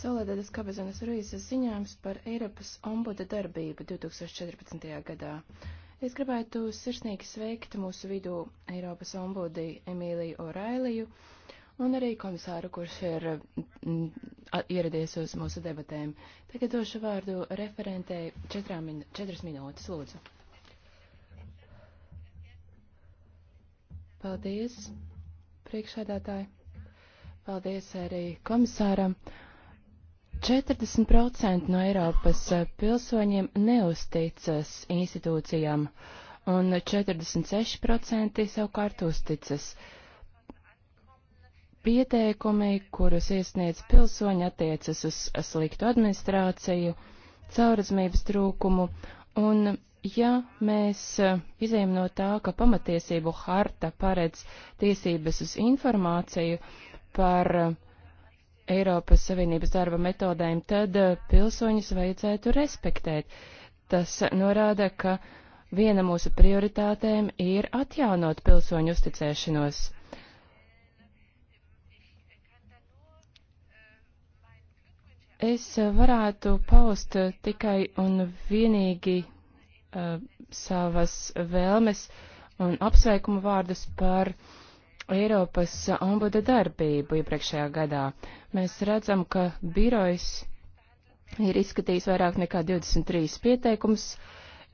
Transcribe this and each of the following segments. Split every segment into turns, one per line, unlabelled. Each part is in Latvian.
Solēdēdas Kabezonas Ruizas ziņojums par Eiropas ombuda darbību 2014. gadā. Es gribētu sirsnīgi sveikt mūsu vidū Eiropas ombudi Emīliju Orailiju un arī komisāru, kurš ir mm, ieradies uz mūsu debatēm. Tagad došu vārdu referentei min četras minūtes, lūdzu. Paldies, priekšsēdētāji. Paldies arī komisāram. Uh, 40% no Eiropas eh, pilsoņiem neusticas institūcijām, un 46% savukārt uzticas. Pieteikumi, kurus iesniedz pilsoņi, attiecas uz sliktu administrāciju, caurazmības trūkumu, un ja mēs eh, izējam no tā, ka pamatiesību harta paredz tiesības uz informāciju par uh, Eiropas Savienības darba metodēm, tad eh, pilsoņus vajadzētu respektēt. Tas norāda, ka viena mūsu prioritātēm ir atjaunot pilsoņu uzticēšanos. Es varētu paust tikai un vienīgi uh, savas vēlmes un apsveikumu vārdus par uh, Eiropas ombuda darbību iepriekšējā gadā. Mēs redzam, ka birojs ir izskatījis vairāk nekā 23 pieteikums,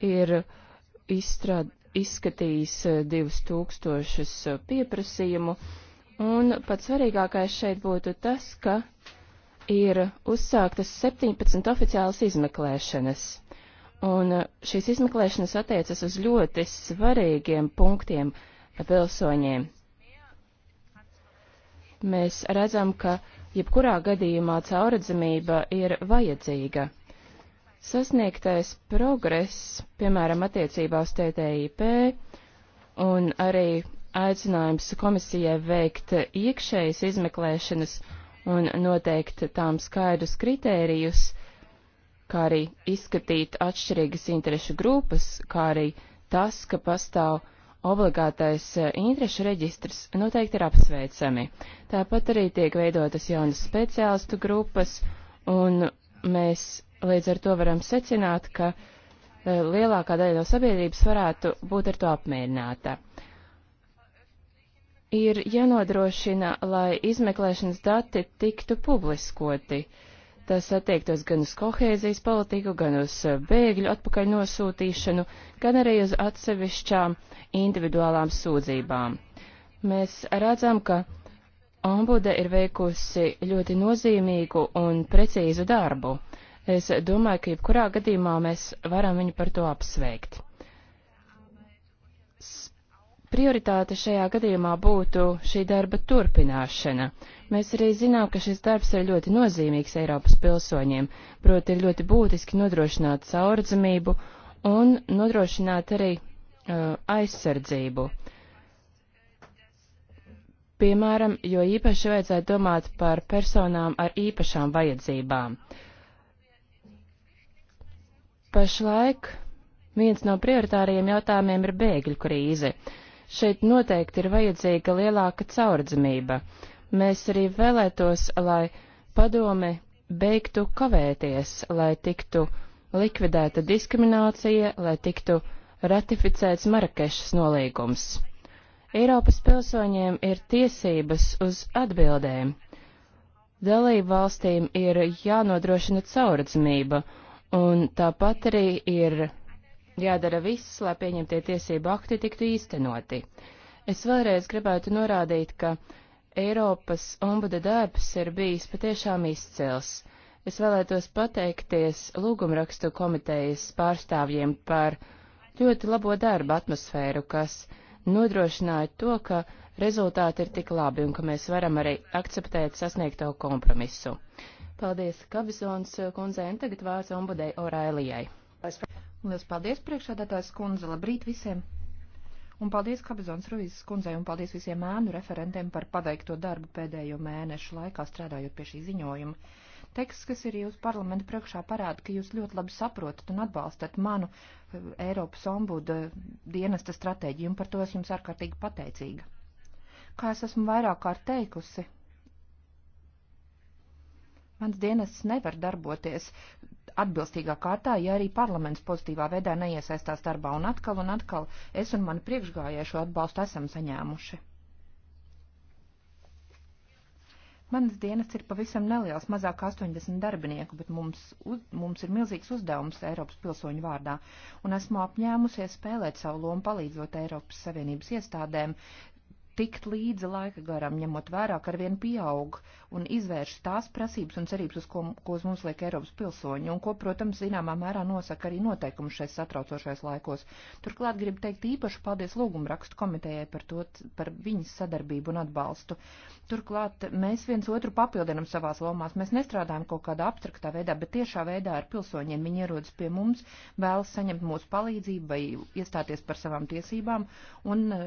ir izstrād, izskatījis 2000 pieprasījumu, un pats svarīgākais šeit būtu tas, ka ir uzsāktas 17 oficiālas izmeklēšanas. Un šīs izmeklēšanas attiecas uz ļoti svarīgiem punktiem pilsoņiem mēs redzam, ka jebkurā gadījumā cauradzamība ir vajadzīga. Sasniegtais progress, piemēram, attiecībā uz TTIP un arī aicinājums komisijai veikt iekšējas izmeklēšanas un noteikt tām skaidrus kritērijus, kā arī izskatīt atšķirīgas interešu grupas, kā arī tas, ka pastāv obligātais eh, interešu reģistrs noteikti ir apsveicami. Tāpat arī tiek veidotas jaunas speciālistu grupas, un mēs līdz ar to varam secināt, ka eh, lielākā daļa no sabiedrības varētu būt ar to apmierināta ir jānodrošina, lai izmeklēšanas dati tiktu publiskoti. Tas attiektos gan uz kohēzijas politiku, gan uz bēgļu atpakaļ nosūtīšanu, gan arī uz atsevišķām individuālām sūdzībām. Mēs redzam, ka ombude ir veikusi ļoti nozīmīgu un precīzu darbu. Es domāju, ka jebkurā gadījumā mēs varam viņu par to apsveikt. Prioritāte šajā gadījumā būtu šī darba turpināšana. Mēs arī zinām, ka šis darbs ir ļoti nozīmīgs Eiropas pilsoņiem, proti ir ļoti būtiski nodrošināt caurdzamību un nodrošināt arī uh, aizsardzību. Piemēram, jo īpaši vajadzētu domāt par personām ar īpašām vajadzībām. Pašlaik viens no prioritāriem jautājumiem ir bēgļu krīze. Uh, Šeit noteikti ir vajadzīga lielāka caurdzamība. Mēs arī vēlētos, lai padome beigtu kavēties, lai tiktu likvidēta diskriminācija, lai tiktu ratificēts Marakešas nolīgums. Eiropas pilsoņiem ir tiesības uz atbildēm. Dalību valstīm ir jānodrošina caurdzamība, un tāpat arī ir Jādara viss, lai pieņemtie tiesību akti tiktu īstenoti. Es vēlreiz gribētu norādīt, ka Eiropas ombuda darbs ir bijis patiešām izcils. Es vēlētos pateikties lūgumrakstu komitejas pārstāvjiem par ļoti labo darbu atmosfēru, kas nodrošināja to, ka rezultāti ir tik labi un ka mēs varam arī akceptēt sasniegto kompromisu. Paldies, Kabizons kundzei, un tagad vārds ombudei Orailijai. Lielas
paldies priekšādātājs kundze, labrīt visiem! Un paldies Kabizons Ruizes kundzei un paldies visiem ēnu referentiem par paveikto darbu pēdējo mēnešu laikā strādājot pie šī ziņojuma. Teksts, kas ir jūsu parlamenta priekšā, parāda, ka jūs ļoti labi saprotat un atbalstat manu eh, Eiropas ombuda dienesta stratēģiju, un par to es jums ārkārtīgi pateicīga. Kā es esmu vairāk kārt teikusi, Mans dienests nevar darboties atbilstīgā kārtā, ja arī parlaments pozitīvā veidā neiesaistās darbā, un atkal un atkal es un mani priekšgājēju šo atbalstu esam saņēmuši. Manas dienas ir pavisam neliels, mazāk 80 darbinieku, bet mums, uz, mums ir milzīgs uzdevums Eiropas pilsoņu vārdā, un esmu apņēmusies spēlēt savu lomu palīdzot Eiropas Savienības iestādēm tikt līdzi laika garam, ņemot vērā, ka arvien pieaug un izvērš tās prasības un cerības, uz ko, ko uz mums liek Eiropas pilsoņi, un ko, protams, zināmā mērā nosaka arī noteikumi šais satraucošais laikos. Turklāt gribu teikt īpašu paldies lūgumu rakstu komitejai par, to, par viņas sadarbību un atbalstu. Turklāt mēs viens otru papildinam savās lomās, mēs nestrādājam kaut kādā abstraktā veidā, bet tiešā veidā ar pilsoņiem viņi ierodas pie mums, vēlas saņemt mūsu palīdzību vai iestāties par savām tiesībām, un eh,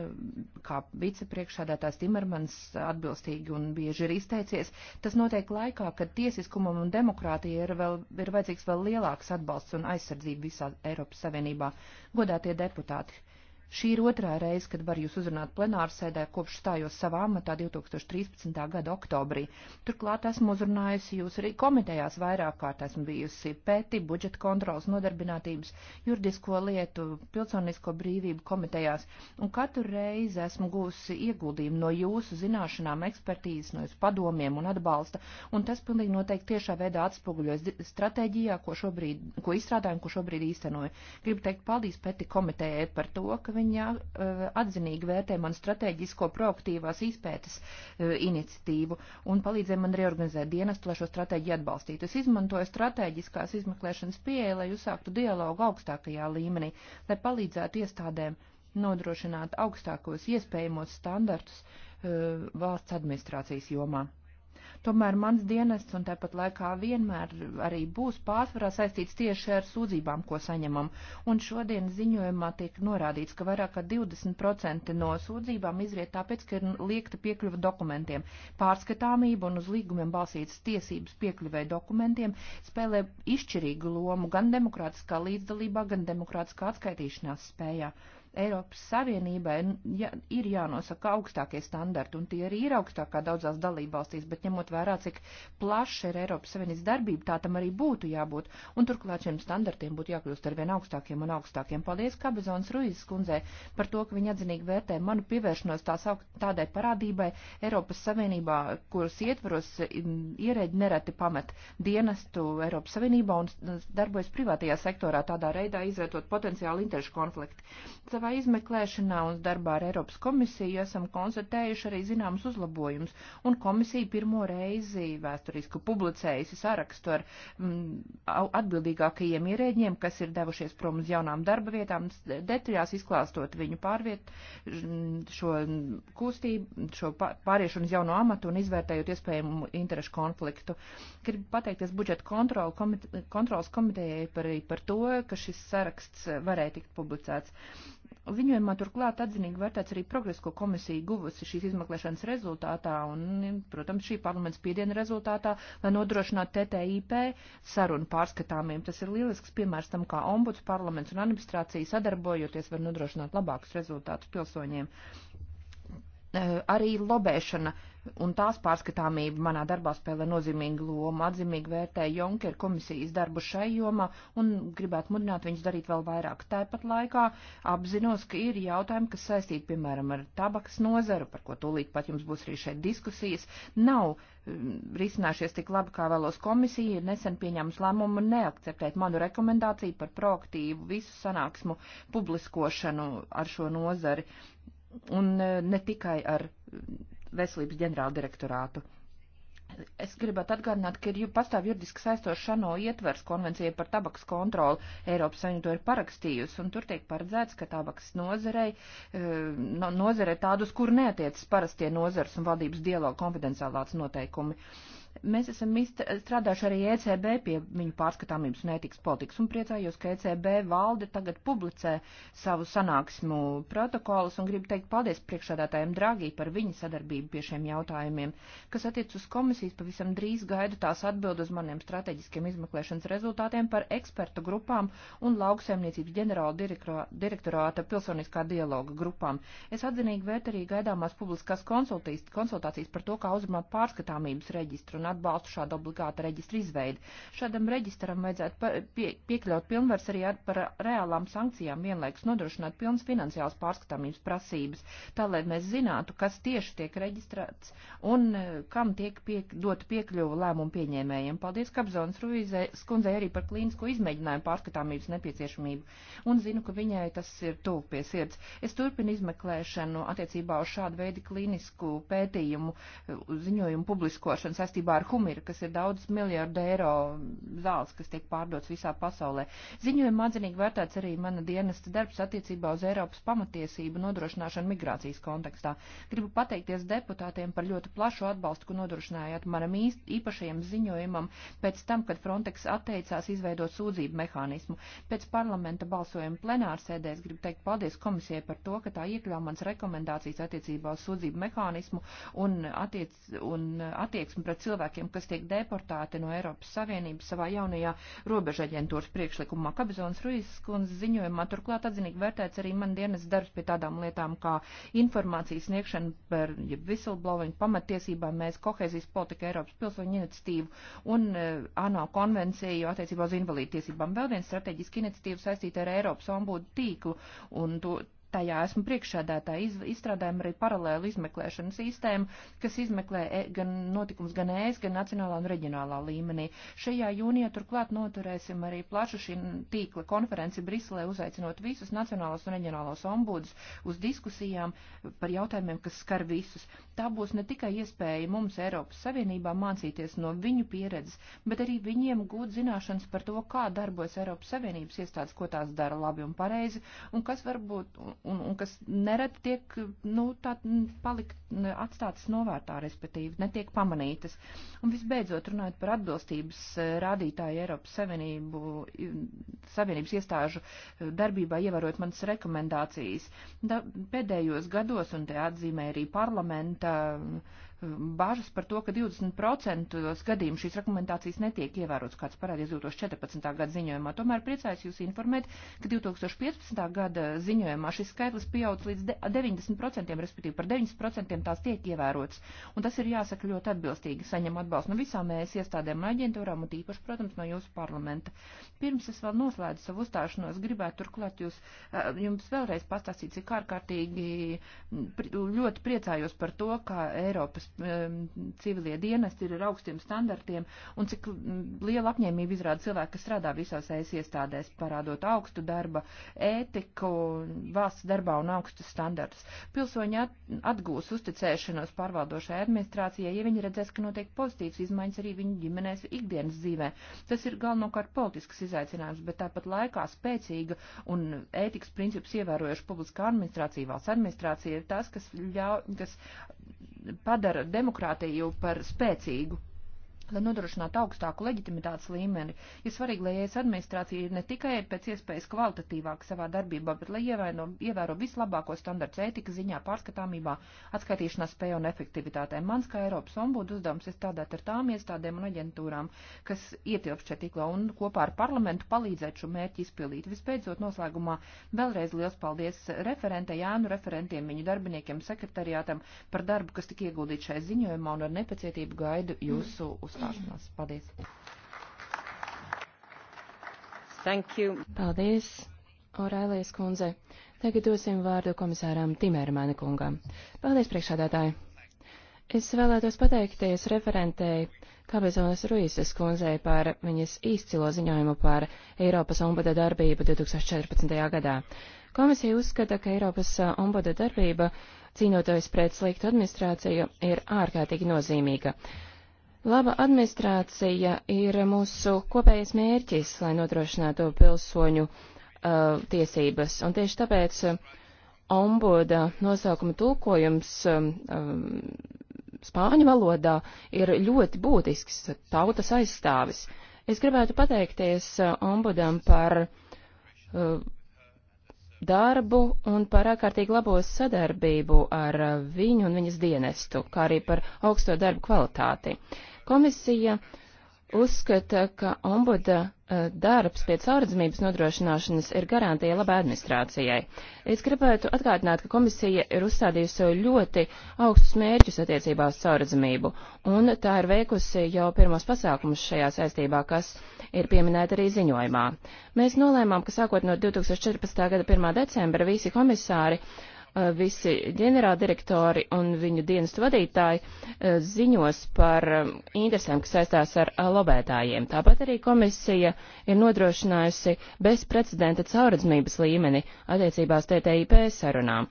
kā vicepriekšādātājs Timermans atbilstīgi un bieži ir izteicies, Tas notiek laikā, kad tiesiskumam un demokrātija ir, vēl, ir vajadzīgs vēl lielāks atbalsts un aizsardzība visā Eiropas Savienībā. Godātie deputāti, Šī ir otrā reize, kad var jūs uzrunāt plenārsēdē kopš stājos savā amatā 2013. gada oktobrī. Turklāt esmu uzrunājusi jūs arī komitejās vairāk kārt esmu bijusi pēti, budžeta kontrols, nodarbinātības, juridisko lietu, pilsonisko brīvību komitejās, un katru reizi esmu gūsi ieguldījumu no jūsu zināšanām, ekspertīzes, no jūsu padomiem un atbalsta, un tas pilnīgi noteikti tiešā veidā atspoguļojas stratēģijā, ko šobrīd, ko izstrādājam, ko šobrīd īstenoju. Gribu teikt paldies pēti komitejai par to, ka viņa eh, atzinīgi vērtē man strateģisko proaktīvās izpētes eh, iniciatīvu un palīdzēja man reorganizēt dienestu, lai šo stratēģiju atbalstītu. Es izmantoju strateģiskās izmeklēšanas pieeja, lai uzsāktu dialogu augstākajā līmenī, lai palīdzētu iestādēm nodrošināt augstākos iespējamos standartus eh, valsts administrācijas jomā. Tomēr mans dienests un tāpat laikā vienmēr arī būs pārsvarā saistīts tieši ar sūdzībām, ko saņemam. Un šodien ziņojumā tiek norādīts, ka vairāk kā 20% no sūdzībām izriet tāpēc, ka ir liekta piekļuva dokumentiem. Pārskatāmība un uz līgumiem balsītas tiesības piekļuvai dokumentiem spēlē izšķirīgu lomu gan demokrātiskā līdzdalībā, gan demokrātiskā atskaitīšanās spējā. Yeah Eiropas Savienībai ja, ir jānosaka augstākie standarti, un tie arī ir augstākā daudzās dalībvalstīs, bet ņemot vērā, cik plaša ir Eiropas Savienības darbība, tā tam arī būtu jābūt, un turklāt šiem standartiem būtu jākļūst arvien augstākiem un augstākiem. Paldies Kabezons Ruizes kundzē par to, ka viņa atzinīgi vērtē manu pievēršanos tās tādai parādībai Eiropas Savienībā, kuras ietvaros ierēģi nereti pamet dienestu Eiropas Savienībā un darbojas privātajā sektorā, tādā reidā izvietot potenciāli interešu konfliktu savā izmeklēšanā un darbā ar Eiropas komisiju esam konstatējuši arī zināmas uzlabojumus, un komisija pirmo reizi vēsturisku publicējusi sarakstu ar m, mm, atbildīgākajiem ierēģiem, kas ir devušies prom uz jaunām darba vietām, detaļās izklāstot viņu pārviet, mm, šo kustību, šo pāriešanu uz jauno amatu un izvērtējot iespējamu interešu konfliktu. Gribu pateikties budžeta kontrol, komite, kontrols komitejai par, par to, ka šis saraksts varēja tikt publicēts. Viņojumā turklāt atzinīgi vērtēts arī progress, ko komisija guvusi šīs izmeklēšanas rezultātā un, protams, šī parlaments piediena rezultātā, lai nodrošinātu TTIP sarunu pārskatāmiem. Tas ir lielisks piemērs tam, kā ombuds, parlaments un administrācija sadarbojoties var nodrošināt labākus rezultātus pilsoņiem. Eh, arī lobēšana uh, un tās pārskatāmība manā darbā spēlē nozīmīgu lomu. Atzīmīgi vērtēju Junker komisijas darbu šai jomā un gribētu mudināt viņus darīt vēl vairāk. Tāpat laikā apzinos, ka ir jautājumi, kas saistīti, piemēram, ar tabakas nozaru, par ko tūlīt pat jums būs arī šeit diskusijas, nav mm, risinājušies tik labi, kā vēlos komisija, ir nesen pieņēmusi lēmumu neakceptēt manu rekomendāciju par proaktīvu visu sanāksmu publiskošanu ar šo nozari. Un eh, ne tikai ar veselības ģenerāldirektorātu. Es gribētu atgādināt, ka ir pastāv juridiski saistoša ANO ietvers konvencija par tabakas kontroli. Eiropas Savienība to ir parakstījusi, un tur tiek paredzēts, ka tabakas nozarei, eh, nozarei tādus, kur neatiecas parastie nozars un valdības dialogu konfidenciālāts noteikumi. Uh, Mēs esam strādājuši arī ECB pie viņu pārskatāmības un ētikas politikas un priecājos, ka ECB valde tagad publicē savu sanāksmu protokolus un gribu teikt paldies priekšādātājiem Dragī par viņa sadarbību pie šiem jautājumiem. Kas attiec uz komisijas, pavisam drīz gaidu tās atbild uz maniem strateģiskiem izmeklēšanas rezultātiem par ekspertu grupām un lauksaimniecības ģenerāla direktorāta pilsoniskā dialoga grupām. Es atzinīgi vērt arī gaidāmās publiskās konsultācijas par to, kā uzrunāt pārskatāmības reģistru un atbalstu šādu obligātu reģistru izveidi. Šādam reģistram vajadzētu pie, piekļaut pilnvars arī ar, par reālām sankcijām vienlaikus nodrošināt pilnas finansiālas pārskatāmības prasības, tā lai mēs zinātu, kas tieši tiek reģistrēts un e, kam tiek piek, dota piekļuva lēmumu pieņēmējiem. Paldies, Kapzonas Ruizē, skundzei arī par klīnisko izmēģinājumu pārskatāmības nepieciešamību. Un zinu, ka viņai tas ir tuvu pie sirds. Es turpinu izmeklēšanu attiecībā uz šādu veidu klīnisku pētījumu e, ziņojumu publiskošanu saistībā saistībā ar Humiru, kas ir daudz miljardu eiro zāles, kas tiek pārdots visā pasaulē. Ziņojumā atzinīgi vērtēts arī mana dienesta darbs attiecībā uz Eiropas pamatiesību nodrošināšanu migrācijas kontekstā. Gribu pateikties deputātiem par ļoti plašu atbalstu, ko nodrošinājāt manam īpašajam ziņojumam pēc tam, kad Frontex atteicās izveidot sūdzību mehānismu. Pēc parlamenta balsojuma plenārsēdēs gribu teikt paldies komisijai par to, ka tā iekļāva mans rekomendācijas attiecībā uz sūdzību mehānismu un, attiec, un attieksmi pret cilvēku cilvēkiem, kas tiek deportāti no Eiropas Savienības savā jaunajā robeža aģentūras priekšlikumā. Kabizons Ruizs kundze ziņojumā turklāt atzinīgi vērtēts arī man dienas darbs pie tādām lietām kā informācijas sniegšana par ja whistleblowing pamatiesībām mēs kohēzijas politika Eiropas pilsoņu iniciatīvu un uh, ANO konvenciju attiecībā uz invalīdu tiesībām. Vēl viens strateģiski iniciatīva saistīta ar Eiropas ombudu tīklu un to tajā esmu priekšādātāji, izstrādājam arī paralēlu izmeklēšanas sistēmu, kas izmeklē e, gan notikums gan ES, gan nacionālā un reģionālā līmenī. Šajā jūnijā turklāt noturēsim arī plašu šī tīkla konferenci Briselē, uzaicinot visus nacionālos un reģionālos ombudus uz diskusijām par jautājumiem, kas skar visus. Tā būs ne tikai iespēja mums Eiropas Savienībā mācīties no viņu pieredzes, bet arī viņiem gūt zināšanas par to, kā darbojas Eiropas Savienības iestādes, ko tās dara labi un pareizi, un kas varbūt un, un kas nereti tiek, nu, tā palikt atstātas novērtā, respektīvi, netiek pamanītas. Un visbeidzot, runājot par atbilstības e, rādītāju Eiropas Savienību, Savienības iestāžu e, darbībā, ievērot manas rekomendācijas, da, pēdējos gados, un te atzīmē arī parlamenta, uh, bažas par to, ka 20% gadījumu šīs rekomendācijas netiek ievērots, kāds parādījās 2014. gada ziņojumā. Tomēr priecājos jūs informēt, ka 2015. gada ziņojumā šis skaitlis pieaudz līdz 90%, respektīvi par 9% tās tiek ievērots. Un tas ir jāsaka ļoti atbilstīgi, saņem atbalstu no visām mēs iestādēm un aģentūrām un tīpaši, protams, no jūsu parlamenta. Pirms es vēl noslēdzu savu uzstāšanos, gribētu turklāt jūs, eh, jums vēlreiz pastāstīt, cik ārkārtīgi ļoti priecājos par to, kā Eiropas Um, civilie dienesti ir ar augstiem standartiem un cik liela apņēmība izrāda cilvēki, kas strādā visās ES iestādēs, parādot augstu darba ētiku, valsts darbā un augstus standartus. Pilsoņi atgūs uzticēšanos pārvaldošai administrācijai, ja viņi redzēs, ka notiek pozitīvas izmaiņas arī viņu ģimenēs ikdienas dzīvē. Tas ir galvenokārt politisks izaicinājums, bet tāpat laikā spēcīga un ētikas principus ievērojoša publiskā administrācija, valsts administrācija ir tas, kas, ļau, kas padara demokrātiju par spēcīgu lai nodrošinātu augstāku leģitimitātes līmeni, ir svarīgi, lai ES administrācija ir ne tikai pēc iespējas kvalitatīvāka savā darbībā, bet lai ievēro, ievēro vislabāko standarts ētikas ziņā, pārskatāmībā, atskaitīšanās spēju un efektivitātē. Mans kā Eiropas ombudu uzdevums ir strādāt ar tām iestādēm un aģentūrām, kas ietilpst šeit tiklā un kopā ar parlamentu palīdzēt šo mērķi izpildīt. Vispēcot noslēgumā vēlreiz liels paldies referente Jānu referentiem, viņu darbiniekiem, sekretariātam par darbu, kas tika ieguldīts šajā ziņojumā un ar nepacietību gaidu jūsu uz uzstāšanās. Paldies!
Thank you. Paldies, Orēlijas kundze. Tagad dosim vārdu komisāram Timērmēna kungam. Paldies, priekšādātāji! Es vēlētos pateikties referentei Kabezonas Ruīsas kundzei par viņas izcilo ziņojumu par Eiropas ombuda darbību 2014. gadā. Komisija uzskata, ka Eiropas ombuda darbība cīnoties pret sliktu administrāciju ir ārkārtīgi nozīmīga. Laba administrācija ir mūsu kopējais mērķis, lai nodrošinātu pilsoņu uh, tiesības, un tieši tāpēc uh, ombuda nosaukuma tulkojums um, um, spāņu valodā ir ļoti būtisks tautas aizstāvis. Es gribētu pateikties uh, ombudam par uh, darbu un par ārkārtīgi labo sadarbību ar viņu un viņas dienestu, kā arī par augsto darbu kvalitāti. Komisija uzskata, ka ombuda Eh, darbs pie caurredzamības nodrošināšanas ir garantija labai administrācijai. Es gribētu atgādināt, ka komisija ir uzstādījusi ļoti augstus mērķus attiecībā uz caurredzamību, un tā ir veikusi jau pirmos pasākumus šajā saistībā, kas ir pieminēta arī ziņojumā. Mēs nolēmām, ka sākot no 2014. gada 1. decembra visi komisāri uh, Eh, visi ģenerāldirektori un viņu dienestu vadītāji eh, ziņos par eh, interesēm, kas saistās ar lobētājiem. Tāpat arī komisija ir nodrošinājusi bezprecedenta caurredzamības līmeni attiecībās TTIP sarunām.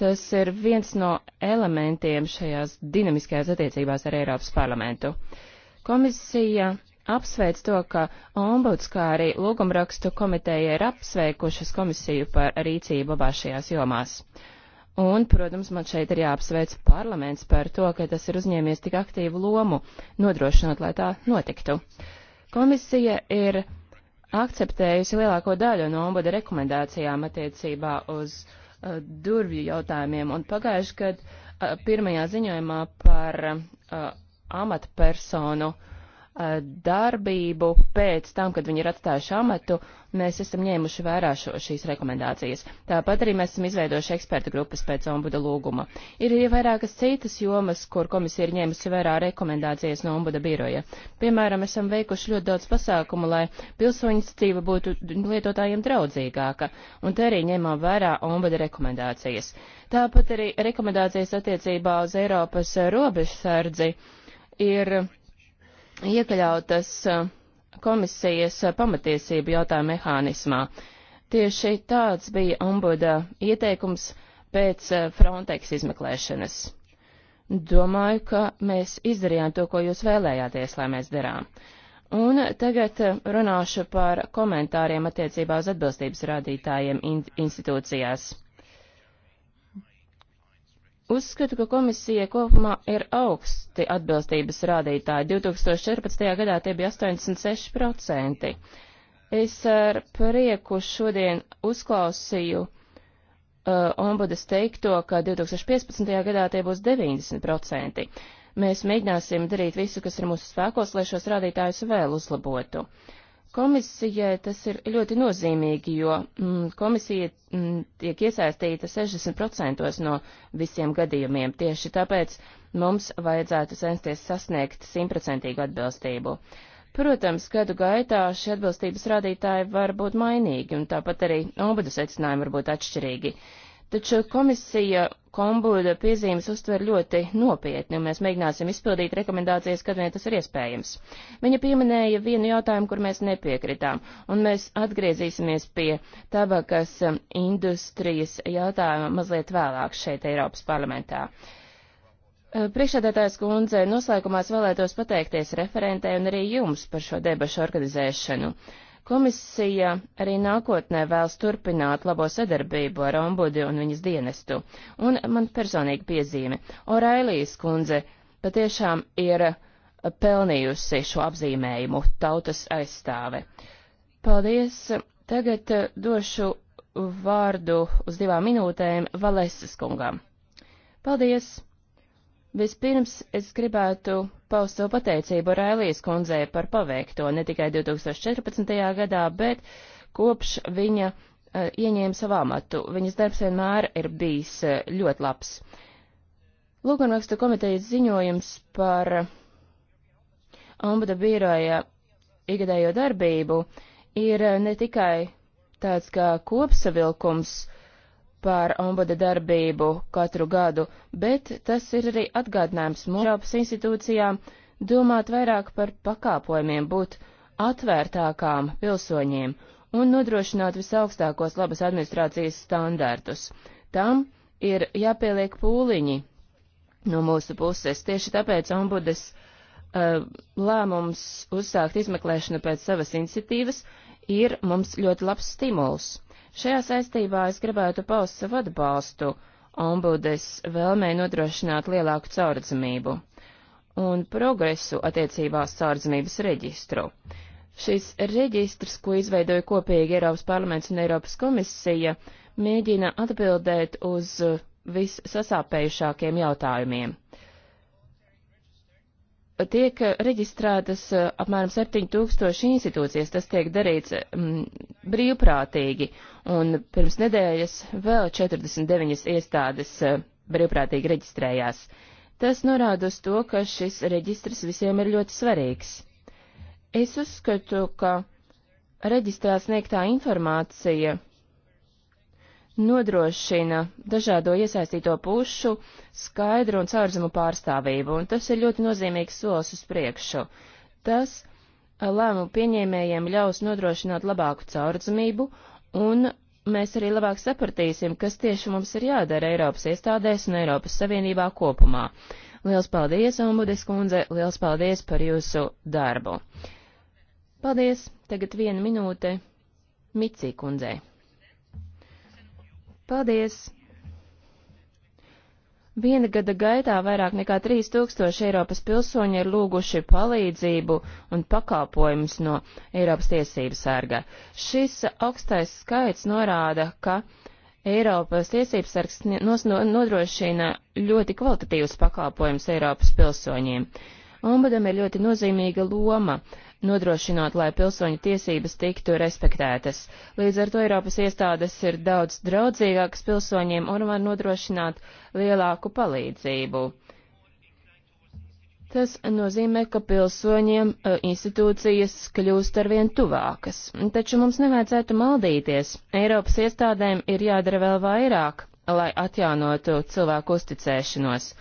Tas ir viens no elementiem šajās dinamiskajās attiecībās ar Eiropas parlamentu. Komisija apsveic to, ka ombuds, kā arī lūgumrakstu komiteja ir apsveikušas komisiju par rīcību abās šajās jomās. Un, protams, man šeit ir jāapsveic parlaments par to, ka tas ir uzņēmies tik aktīvu lomu, nodrošinot, lai tā notiktu. Komisija ir akceptējusi lielāko daļu no ombuda rekomendācijām attiecībā uz uh, durvju jautājumiem, un pagājuši, kad uh, pirmajā ziņojumā par uh, amatpersonu uh, Eh, darbību pēc tam, kad viņi ir atstājuši amatu, mēs esam ņēmuši vērā šo, šīs rekomendācijas. Tāpat arī mēs esam izveidojuši ekspertu grupas pēc ombuda lūguma. Ir arī vairākas citas jomas, kur komisija ir ņēmusi vērā rekomendācijas no ombuda biroja. Piemēram, esam veikuši ļoti daudz pasākumu, lai pilsoņu stīva būtu lietotājiem draudzīgāka, un te arī ņēmām vērā ombuda rekomendācijas. Tāpat arī rekomendācijas attiecībā uz Eiropas robežsardzi ir iekļautas uh, komisijas uh, pamatiesību jautājumu mehānismā. Tieši tāds bija ombuda ieteikums pēc uh, Frontex izmeklēšanas. Domāju, ka mēs izdarījām to, ko jūs vēlējāties, lai mēs darām. Un tagad runāšu par komentāriem attiecībā uz atbilstības rādītājiem in institūcijās. Uzskatu, ka komisija kopumā ir augsti atbilstības rādītāji. 2014. gadā tie bija 86%. Es ar prieku šodien uzklausīju uh, ombudas teikto, ka 2015. gadā tie būs 90%. Mēs mēģināsim darīt visu, kas ir mūsu spēkos, lai šos rādītājus vēl uzlabotu. Uh, Komisijai tas ir ļoti nozīmīgi, jo mm, komisija mm, tiek iesaistīta 60% no visiem gadījumiem. Tieši tāpēc mums vajadzētu censties sasniegt simtprocentīgu atbilstību. Protams, gadu gaitā šie atbilstības rādītāji var būt mainīgi, un tāpat arī ombudu secinājumi var būt atšķirīgi. Uh, Taču komisija kombuda piezīmes uztver ļoti nopietni, un mēs mēģināsim izpildīt rekomendācijas, kad vien tas ir iespējams. Viņa pieminēja vienu jautājumu, kur mēs nepiekritām, un mēs atgriezīsimies pie tabakas um, industrijas jautājuma mazliet vēlāk šeit Eiropas parlamentā. Uh, Priekšādātājs kundze, noslēgumā es vēlētos pateikties referentē un arī jums par šo debašu organizēšanu. Uh, Komisija arī nākotnē vēlas turpināt labo sadarbību ar ombudi un viņas dienestu. Un man personīgi piezīme - Orailijas kundze patiešām ir pelnījusi šo apzīmējumu tautas aizstāve. Paldies! Tagad došu vārdu uz divām minūtēm Valēsas kungām. Paldies! Vispirms es gribētu paust savu pateicību Rēlijas kundzei par paveikto ne tikai 2014. gadā, bet kopš viņa uh, ieņēma savu amatu. Viņas darbs vienmēr ir bijis uh, ļoti labs. Lūgunrakstu komitejas ziņojums par ombuda biroja igadējo darbību ir eh, ne tikai tāds kā kopsavilkums uh, par ombuda darbību katru gadu, bet tas ir arī atgādinājums mūsu Eiropas institūcijām domāt vairāk par pakāpojumiem, būt atvērtākām pilsoņiem un nodrošināt visaugstākos labas administrācijas standartus. Tam ir jāpieliek pūliņi no mūsu puses. Tieši tāpēc ombudes uh, eh, lēmums uzsākt izmeklēšanu pēc savas iniciatīvas ir mums ļoti labs stimuls. Šajā saistībā es gribētu paust savu atbalstu ombudes vēlmei nodrošināt lielāku caurdzamību un progresu attiecībās caurdzamības reģistru. Šis reģistrs, ko izveidoja kopīgi Eiropas parlaments un Eiropas komisija, mēģina atbildēt uz vissasāpējušākiem jautājumiem. Tiek reģistrētas uh, apmēram 7000 institūcijas, tas tiek darīts mm, brīvprātīgi, un pirms nedēļas vēl 49 iestādes eh, brīvprātīgi reģistrējās. Tas norāda uz to, ka šis reģistrs visiem ir ļoti svarīgs. Es uzskatu, ka reģistrā sniegtā informācija nodrošina dažādo iesaistīto pušu skaidru un caurzumu pārstāvību, un tas ir ļoti nozīmīgs solis uz priekšu. Tas lēmumu pieņēmējiem ļaus nodrošināt labāku caurdzamību, un mēs arī labāk sapratīsim, kas tieši mums ir jādara Eiropas iestādēs un Eiropas Savienībā kopumā. Liels paldies, Ombudes kundze, liels paldies par jūsu darbu. Paldies, tagad viena minūte Micī kundzei. Paldies! Viena gada gaitā vairāk nekā 3000 Eiropas pilsoņi ir lūguši palīdzību un pakalpojumus no Eiropas tiesības sarga. Šis augstais skaits norāda, ka Eiropas tiesības sargs nodrošina ļoti kvalitatīvus pakalpojumus Eiropas pilsoņiem. Ombudam ir ļoti nozīmīga loma. Uh, nodrošinot, lai pilsoņu tiesības tiktu respektētas. Līdz ar to Eiropas iestādes ir daudz draudzīgākas pilsoņiem un var nodrošināt lielāku palīdzību. Tas nozīmē, ka pilsoņiem e, institūcijas kļūst arvien tuvākas, taču mums nevajadzētu maldīties. Eiropas iestādēm ir jādara vēl vairāk, lai atjaunotu cilvēku uzticēšanos.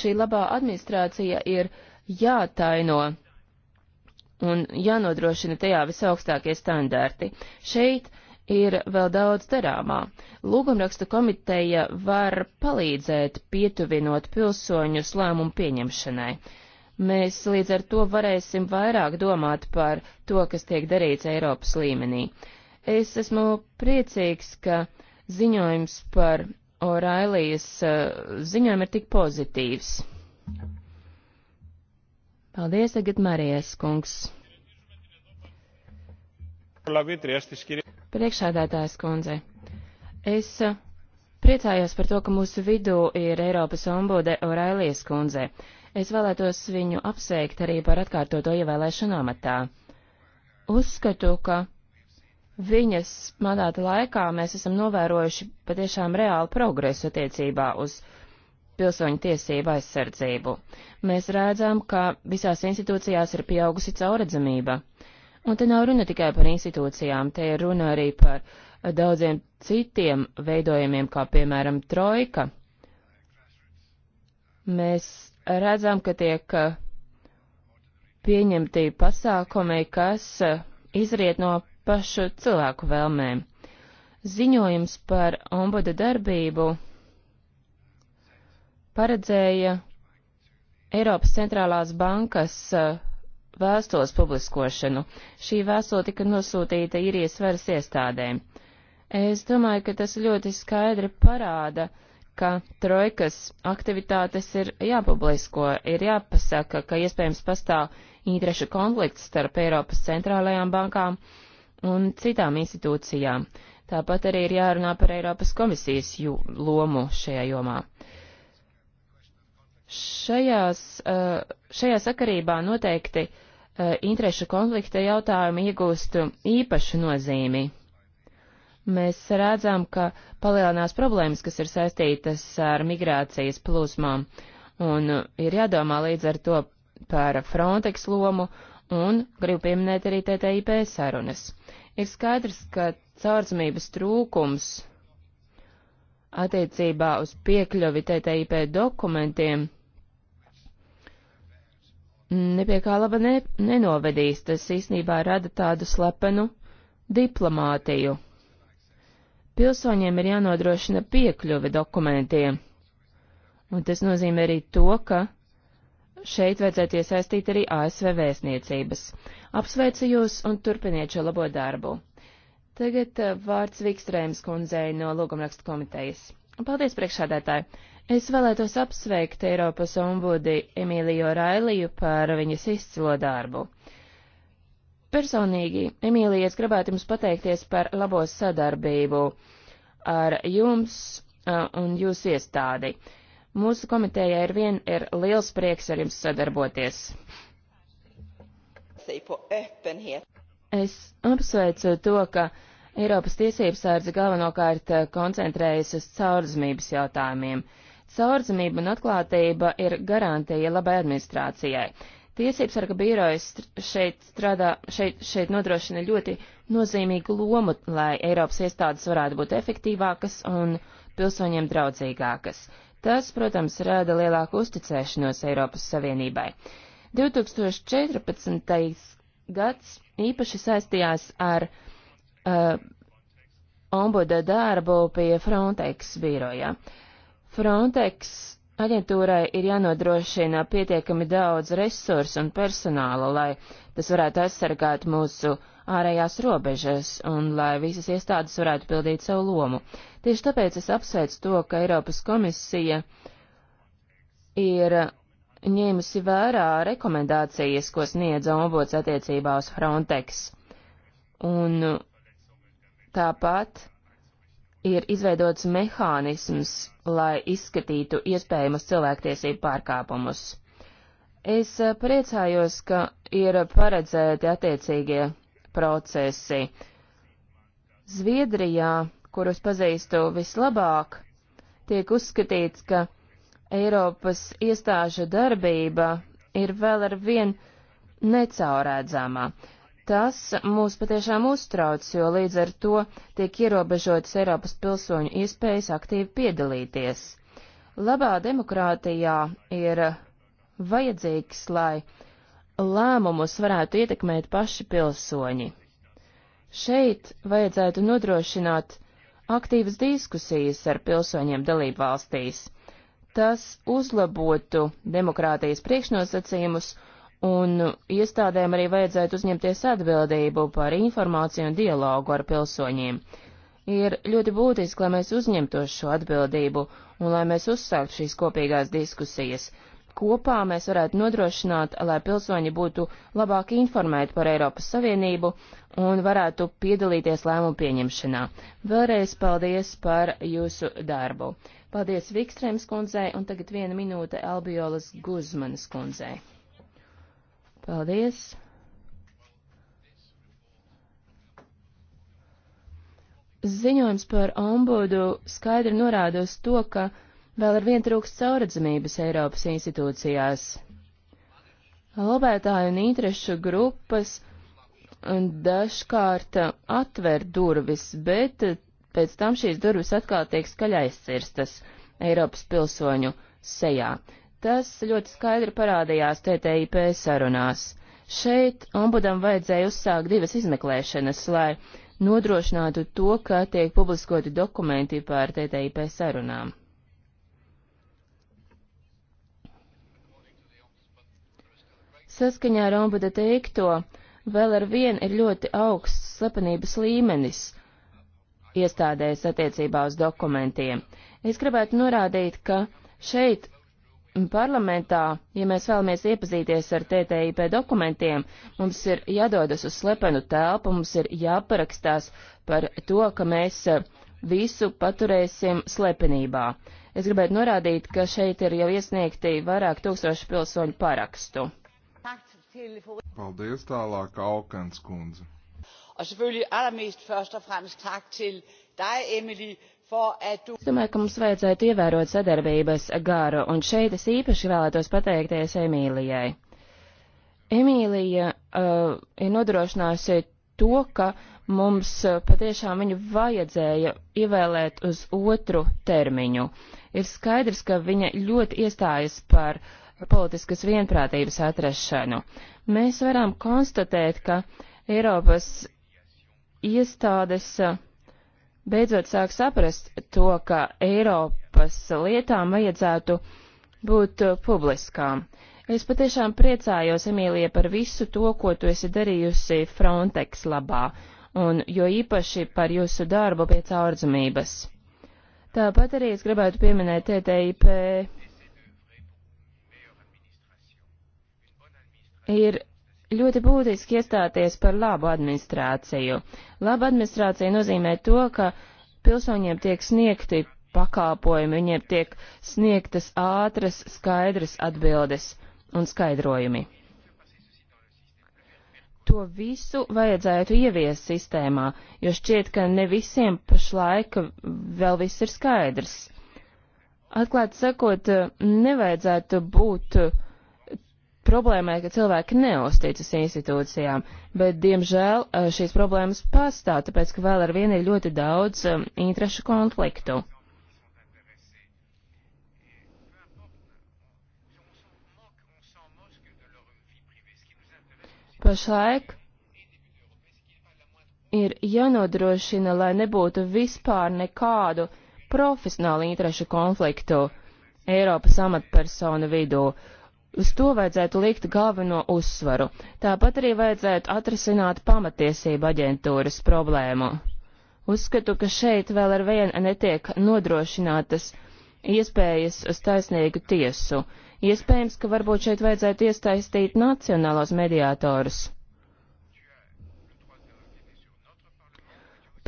Šī labā administrācija ir jātaino un jānodrošina tajā visaugstākie standarti. Šeit ir vēl daudz darāmā. Lūgumrakstu komiteja var palīdzēt pietuvinot pilsoņus lēmumu pieņemšanai. Mēs līdz ar to varēsim vairāk domāt par to, kas tiek darīts Eiropas līmenī. Es esmu priecīgs, ka ziņojums par Orailijas eh, ziņojumu ir tik pozitīvs. Paldies, tagad Marijas kungs. Priekšādātājs kundze, es eh, priecājos par to, ka mūsu vidū ir Eiropas ombude Orailijas kundze. Es vēlētos viņu apsveikt arī par atkārtoto ievēlēšanu amatā. Uzskatu, ka viņas mandāta laikā mēs esam novērojuši patiešām reālu progresu attiecībā uz pilsoņu tiesību aizsardzību. Mēs redzam, ka visās institūcijās ir pieaugusi cauredzamība. Un te nav runa tikai par institūcijām, te ir runa arī par daudziem citiem veidojumiem, kā piemēram trojka. Mēs redzam, ka tiek uh, pieņemti pasākumi, kas uh, izriet no pašu cilvēku vēlmēm. Ziņojums par ombuda darbību paredzēja Eiropas centrālās bankas uh, vēstules publiskošanu. Šī vēstule tika nosūtīta īrijas varas iestādēm. Es domāju, ka tas ļoti skaidri parāda, ka trojkas aktivitātes ir jāpublisko, ir jāpasaka, ka iespējams pastāv interešu konflikts starp Eiropas centrālajām bankām un citām institūcijām. Tāpat arī ir jārunā par Eiropas komisijas lomu šajā jomā. Uh, Šajās, eh, šajā sakarībā noteikti eh, interešu konflikta jautājumi iegūst īpašu nozīmi. Mēs redzam, ka palielinās problēmas, kas ir saistītas ar migrācijas plūsmām, un ir jādomā līdz ar to par Frontex lomu, un gribu pieminēt arī TTIP sarunas. Ir skaidrs, ka caurzmības trūkums attiecībā uz piekļuvi TTIP dokumentiem nepie kā laba ne, nenovedīs. Tas īsnībā rada tādu slepenu diplomātiju. Pilsoņiem ir jānodrošina piekļuve dokumentiem. Un tas nozīmē arī to, ka šeit vajadzētu iesaistīt arī ASV vēstniecības. Apsveicu jūs un turpiniet šo labo darbu. Tagad uh, vārds Vikstrēms kundzei no Lūgumrakstu komitejas. Paldies, priekšādētāji! Es vēlētos apsveikt Eiropas ombudi Emīliju Railiju par viņas izcilo darbu. Personīgi, Emīlija, es gribētu jums pateikties par labo sadarbību ar jums un jūs iestādi. Mūsu komiteja ir vien ir liels prieks ar jums sadarboties. Es apsveicu to, ka Eiropas tiesības sārdze galvenokārt koncentrējas uz caurzmības jautājumiem. Uh, Caurdzamība un atklātība ir garantija labai administrācijai. Tiesības sarga birojas šeit strādā, šeit, šeit nodrošina ļoti nozīmīgu lomu, lai Eiropas iestādes varētu būt efektīvākas un pilsoņiem draudzīgākas. Tas, protams, rada lielāku uzticēšanos Eiropas Savienībai. 2014. gads īpaši saistījās ar uh, ombuda darbu pie Frontex birojā. Uh, Frontex aģentūrai ir jānodrošina pietiekami daudz resursu un personāla, lai tas varētu aizsargāt mūsu ārējās robežas un lai visas iestādes varētu pildīt savu lomu. Tieši tāpēc es apsveicu to, ka Eiropas komisija ir ņēmusi vērā rekomendācijas, ko sniedza ombuds attiecībā uz Frontex. Un tāpat ir izveidots mehānisms, lai izskatītu iespējamus cilvēktiesību pārkāpumus. Es eh, priecājos, ka ir paredzēti attiecīgie procesi. Zviedrijā, kurus pazīstu vislabāk, tiek uzskatīts, ka Eiropas iestāžu darbība ir vēl ar vien necaurēdzāmā. Tas mūs patiešām uztrauc, jo līdz ar to tiek ierobežotas Eiropas pilsoņu iespējas aktīvi piedalīties. Labā demokrātijā ir vajadzīgs, lai lēmumus varētu ietekmēt paši pilsoņi. Šeit vajadzētu nodrošināt aktīvas diskusijas ar pilsoņiem dalību valstīs. Tas uzlabotu demokrātijas priekšnosacījumus un iestādēm arī vajadzētu uzņemties atbildību par informāciju un dialogu ar pilsoņiem. Ir ļoti būtiski, lai mēs uzņemtos šo atbildību un lai mēs uzsāktu šīs kopīgās diskusijas. Kopā mēs varētu nodrošināt, lai pilsoņi būtu labāk informēti par Eiropas Savienību un varētu piedalīties lēmumu pieņemšanā. Vēlreiz paldies par jūsu darbu. Paldies Vikstrēms kundzei un tagad viena minūte Albiolas Guzmanas kundzei. Paldies! Ziņojums par ombudu skaidri norāda uz to, ka vēl ar vien trūkst cauradzamības Eiropas institūcijās. Lobētāju un interešu grupas dažkārt atver durvis, bet pēc tam šīs durvis atkal tiek skaļ aizsirstas Eiropas pilsoņu sejā. Tas ļoti skaidri parādījās TTIP sarunās. Šeit ombudam vajadzēja uzsākt divas izmeklēšanas, lai nodrošinātu to, ka tiek publiskoti dokumenti par TTIP sarunām. Saskaņā ar ombuda teikto, vēl ar vienu ir ļoti augsts slepenības līmenis iestādēs attiecībā uz dokumentiem. Es gribētu norādīt, ka šeit Parlamentā, ja mēs vēlamies iepazīties ar TTIP dokumentiem, mums ir jādodas uz slepenu telpu, mums ir jāparakstās par to, ka mēs e, visu paturēsim slepenībā. Es gribētu norādīt, ka šeit ir jau iesniegti vairāk tūkstoši pilsoņu parakstu. Paldies tālāk, Alkans kundze.
Og selvfølgelig allermest først og fremmest tak til dig, Emily, Es domāju, ka mums
vajadzētu ievērot sadarbības garu, un šeit es īpaši vēlētos pateikties Emīlijai. Emīlija uh, ir nodrošinājusi to, ka mums uh, patiešām viņu vajadzēja ievēlēt uz otru termiņu. Ir skaidrs, ka viņa ļoti iestājas par politiskas vienprātības atrašanu. Mēs varam konstatēt, ka Eiropas iestādes uh, beidzot sāk saprast to, ka Eiropas lietām vajadzētu būt uh, publiskām. Es patiešām priecājos, Emīlija, par visu to, ko tu esi darījusi Frontex labā, un jo īpaši par jūsu darbu pie caurdzamības. Tāpat arī es gribētu pieminēt TTIP. Ir ļoti būtiski iestāties par labu administrāciju. Laba administrācija nozīmē to, ka pilsoņiem tiek sniegti pakāpojumi, viņiem tiek sniegtas ātras, skaidras atbildes un skaidrojumi. To visu vajadzētu ieviest sistēmā, jo šķiet, ka ne visiem pašlaik vēl viss ir skaidrs. Atklāt sakot, nevajadzētu būt uh, problēmai, ka cilvēki neusticas institūcijām, bet, diemžēl, eh, šīs problēmas pastāv, tāpēc, ka vēl ar vienu ir ļoti daudz um, interešu konfliktu. Pašlaik ir jānodrošina, lai nebūtu vispār nekādu profesionālu interešu konfliktu Eiropas amatpersonu vidū. Uh, Uz to vajadzētu likt galveno uzsvaru. Tāpat arī vajadzētu atrisināt pamatiesību aģentūras problēmu. Uzskatu, ka šeit vēl ar vienu netiek nodrošinātas iespējas uz taisnīgu tiesu. Iespējams, ka varbūt šeit vajadzētu iesaistīt nacionālos mediātorus.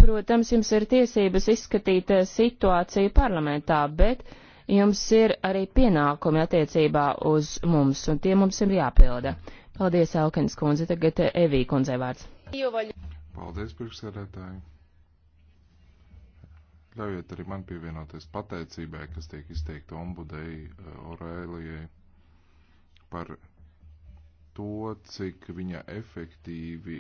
Protams, jums ir tiesības izskatīt eh, situāciju parlamentā, bet uh, Jums ir arī pienākumi attiecībā uz mums, un tie mums ir jāpilda. Paldies, Elkins kundze. Tagad eh, Evī kundzei vārds.
Paldies, priekšsēdētāji. Ļaujiet arī man pievienoties pateicībai, kas tiek izteikta ombudei Orēlijai eh, par to, cik viņa efektīvi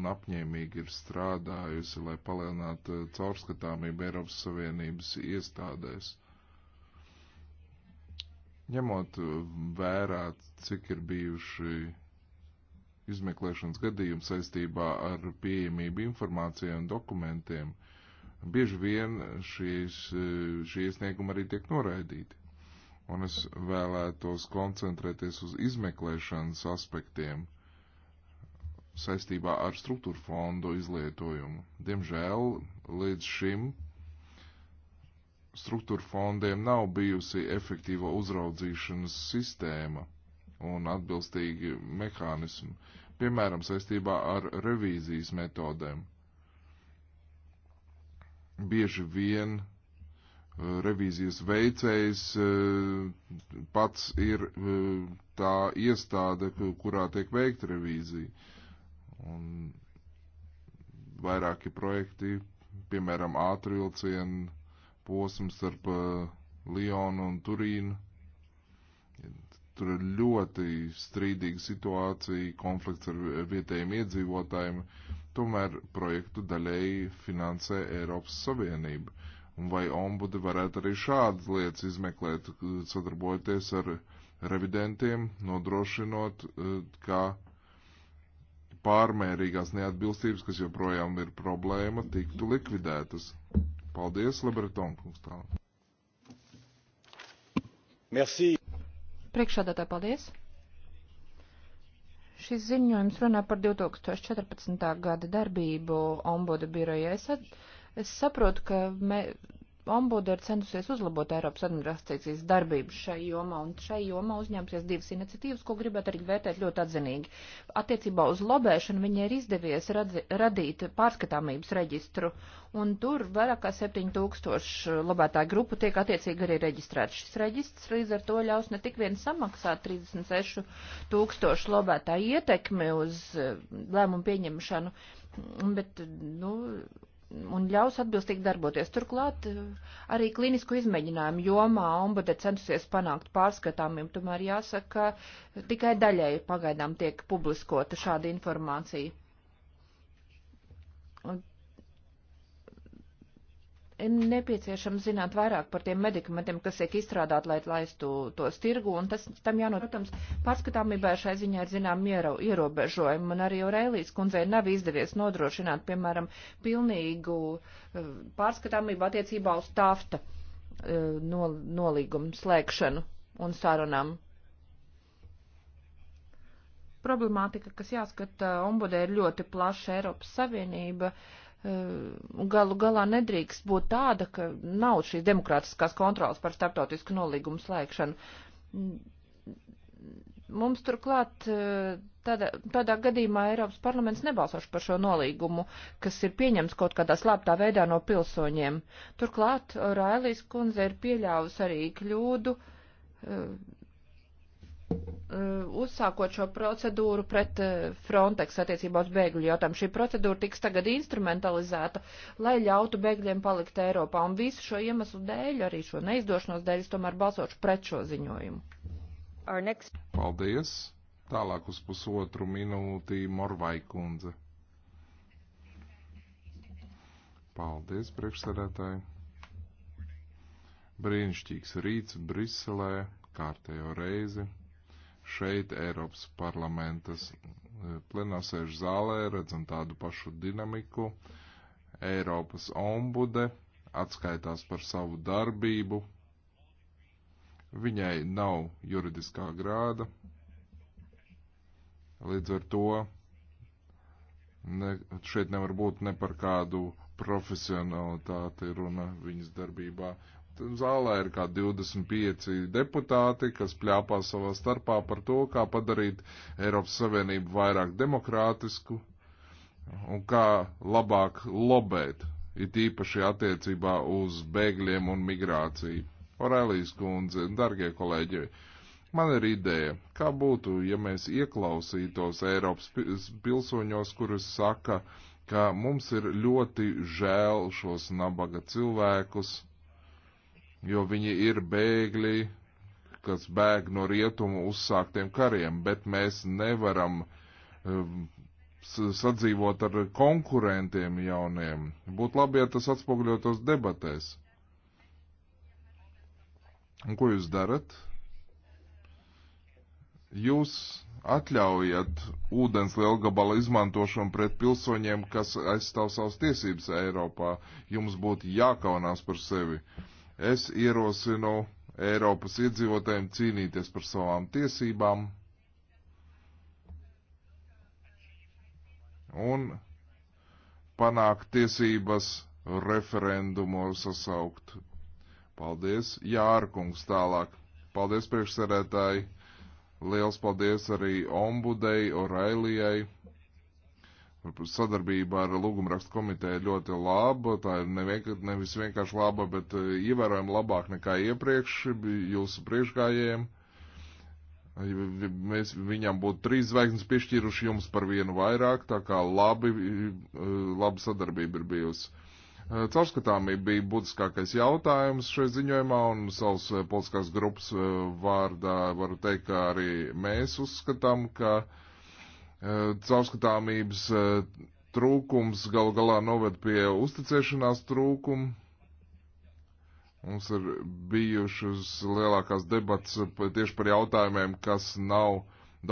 un apņēmīgi ir strādājusi, lai palielinātu caurskatāmību Eiropas Savienības iestādēs Ņemot uh, vērā, cik ir bijuši izmeklēšanas gadījumi saistībā ar pieejamību informācijai un dokumentiem, bieži vien šīs, uh, šie iesniegumi arī tiek noraidīti. Un es vēlētos koncentrēties uz izmeklēšanas aspektiem saistībā ar struktūra fondu izlietojumu. Diemžēl līdz šim struktūra fondiem nav bijusi efektīva uzraudzīšanas sistēma un atbilstīgi mehānismi, piemēram, saistībā ar revīzijas metodēm. Bieži vien eh, revīzijas veicējs eh, pats ir eh, tā iestāde, kurā tiek veikta revīzija. Un vairāki projekti, piemēram, ātrvilcienu posms starp eh, Lionu un Turīnu. Tur ir ļoti strīdīga situācija, konflikts ar vietējiem iedzīvotājiem. Tomēr projektu daļēji finansē Eiropas Savienība. Un vai ombudi varētu arī šādas lietas izmeklēt, sadarbojoties ar revidentiem, nodrošinot, eh, ka pārmērīgās neatbilstības, kas joprojām ir problēma, tiktu likvidētas. Paldies, Liberton kungs tālāk. Merci.
Priekšādātāji, paldies. Šis ziņojums runā par 2014. gada darbību ombuda biroja. Es, at, es saprotu, ka me, ombuda ir centusies uzlabot Eiropas administrācijas darbību šai jomā, un šai jomā uzņēmusies divas iniciatīvas, ko gribētu arī vērtēt ļoti atzinīgi. Attiecībā uz lobēšanu viņai ir izdevies radzi, radīt pārskatāmības reģistru, un tur vairāk kā 7000 lobētāju grupu tiek attiecīgi arī reģistrēts. Šis reģistrs līdz ar to ļaus ne tik vien samaksāt 36 tūkstošu lobētāju ietekmi uz eh, lēmumu pieņemšanu, bet, nu, un ļaus atbilstīgi darboties. Turklāt eh, arī klinisko izmēģinājumu jomā ombude centusies panākt pārskatāmiem, tomēr jāsaka, ka tikai daļēji pagaidām tiek publiskota šāda informācija. Un nepieciešams zināt vairāk par tiem medikamentiem, kas tiek izstrādāti, lai laistu tos tirgu, un tas tam jānot, protams, pārskatāmībā šai ziņā ir zinām iero, ierobežojumi, un arī Aurēlijas kundzei nav izdevies nodrošināt, piemēram, pilnīgu eh, pārskatāmību attiecībā uz tafta eh, no, nolīgumu slēgšanu un sarunām. Problemātika, kas jāskata ombudē, ir ļoti plaša Eiropas Savienība. Uh, Eh, un galu galā nedrīkst būt tāda, ka nav šīs demokrātiskās kontrolas par starptautisku nolīgumu slēgšanu. Mums turklāt eh, tādā, tādā gadījumā Eiropas parlaments nebalsošu par šo nolīgumu, kas ir pieņems kaut kādā slēptā veidā no pilsoņiem. Turklāt Rēlīs kundze ir pieļāvusi arī kļūdu eh, Uh, uzsākot šo procedūru pret uh, Frontex attiecībā uz bēgļu jautājumu. Šī procedūra tiks tagad instrumentalizēta, lai ļautu bēgļiem palikt Eiropā. Un visu šo iemeslu dēļ, arī šo neizdošanos dēļ, es tomēr balsošu pret šo ziņojumu. Next...
Paldies. Tālāk uz pusotru minūti Morvai kundze. Paldies, priekšsēdētāji. Brīnišķīgs rīts Briselē, kārtējo reizi šeit Eiropas parlamentas e, plenāsēžu zālē redzam tādu pašu dinamiku. Eiropas ombude atskaitās par savu darbību. Viņai nav juridiskā grāda. Līdz ar to ne, šeit nevar būt ne par kādu profesionalitāti runa viņas darbībā zālē ir kā 25 deputāti, kas pļāpā savā starpā par to, kā padarīt Eiropas Savienību vairāk demokrātisku un kā labāk lobēt, it īpaši attiecībā uz bēgļiem un migrāciju. Orēlijas kundze, dargie kolēģi, man ir ideja, kā būtu, ja mēs ieklausītos Eiropas pilsoņos, kurus saka, ka mums ir ļoti žēl šos nabaga cilvēkus, jo viņi ir bēgļi, kas bēg no rietumu uzsāktiem kariem, bet mēs nevaram um, sadzīvot ar konkurentiem jauniem. Būtu labi, ja tas atspoguļotos debatēs. Un ko jūs darat? Jūs atļaujat ūdens lielgabala izmantošanu pret pilsoņiem, kas aizstāv savas tiesības Eiropā. Jums būtu jākaunās par sevi. Uh, Es ierosinu Eiropas iedzīvotājiem cīnīties par savām tiesībām un panākt tiesības referendumu sasaukt. Paldies, Jārkungs tālāk. Paldies priekšsarētāji. Liels paldies arī ombudei, Orailijai sadarbība ar lūgumrakstu komiteju ļoti laba. Tā ir nevienk nevis vienkārši laba, bet e, ievērojami labāk nekā iepriekš jūsu priekšgājējiem. Mēs viņam būtu trīs zvaigznes piešķīruši jums par vienu vairāk, tā kā labi, e, laba sadarbība ir bijusi. E, caurskatāmība bija būtiskākais jautājums šai ziņojumā, un savas politiskās grupas vārdā varu teikt, ka arī mēs uzskatām, ka uh, Eh, caurskatāmības eh, trūkums galu galā noved pie uzticēšanās trūkuma. Mums ir bijušas lielākās debats eh, tieši par jautājumiem, kas nav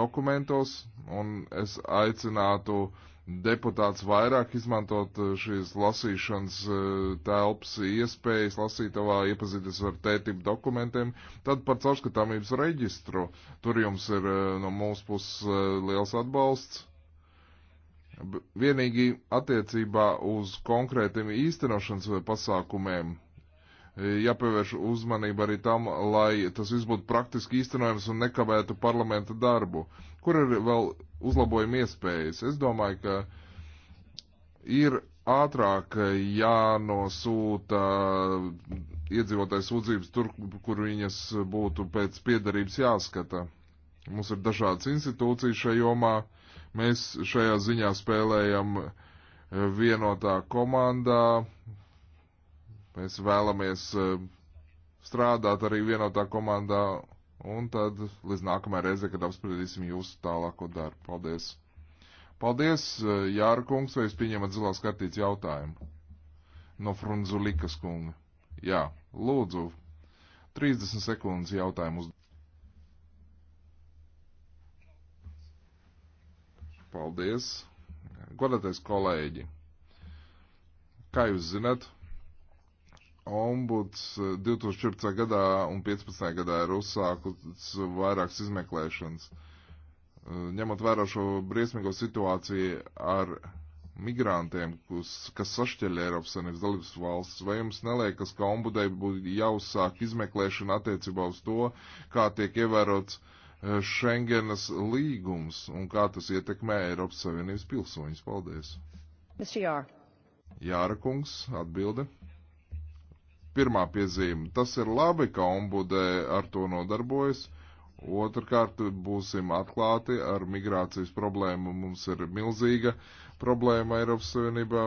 dokumentos, un es aicinātu uh, deputāts vairāk izmantot eh, šīs lasīšanas eh, telpas iespējas, lasītavā iepazīties ar tētību dokumentiem, tad par caurskatāmības reģistru. Tur jums ir eh, no mūsu puses liels atbalsts. Vienīgi attiecībā uz konkrētiem īstenošanas pasākumiem jāpievērš uzmanība arī tam, lai tas viss būtu praktiski īstenojams un nekavētu parlamenta darbu. Kur ir vēl uzlabojuma iespējas? Es domāju, ka ir ātrāk jānosūta iedzīvotājs sūdzības tur, kur viņas būtu pēc piedarības jāskata. Mums ir dažādas institūcijas šajā jomā. Mēs šajā ziņā spēlējam vienotā komandā, Mēs vēlamies eh, strādāt arī vienotā komandā un tad līdz nākamajai reizei, kad apspriedīsim jūsu tālāko darbu. Paldies! Paldies, eh, Jāra kungs, vai jūs pieņemat zilās kartītes jautājumu? No Frunzulikas kunga. Jā, lūdzu, 30 sekundes jautājumu uz. Paldies! Godātais kolēģi! Kā jūs zinat, Ombuds 2014. Eh, gadā un 2015. gadā ir uzsākuts vairākas izmeklēšanas. Eh, ņemot vērā šo briesmīgo situāciju ar migrantiem, kus, kas sašķeļ Eiropas Savienības dalības valsts, vai jums neliekas, ka ombudai būtu jāuzsāk izmeklēšana attiecībā uz to, kā tiek ievērots eh, Schengenas līgums un kā tas ietekmē Eiropas Savienības pilsoņus? Paldies! Jāra kungs, atbilde pirmā piezīme. Tas ir labi, ka ombudē ar to nodarbojas. Otrakārt, būsim atklāti ar migrācijas problēmu. Mums ir milzīga problēma Eiropas Savienībā.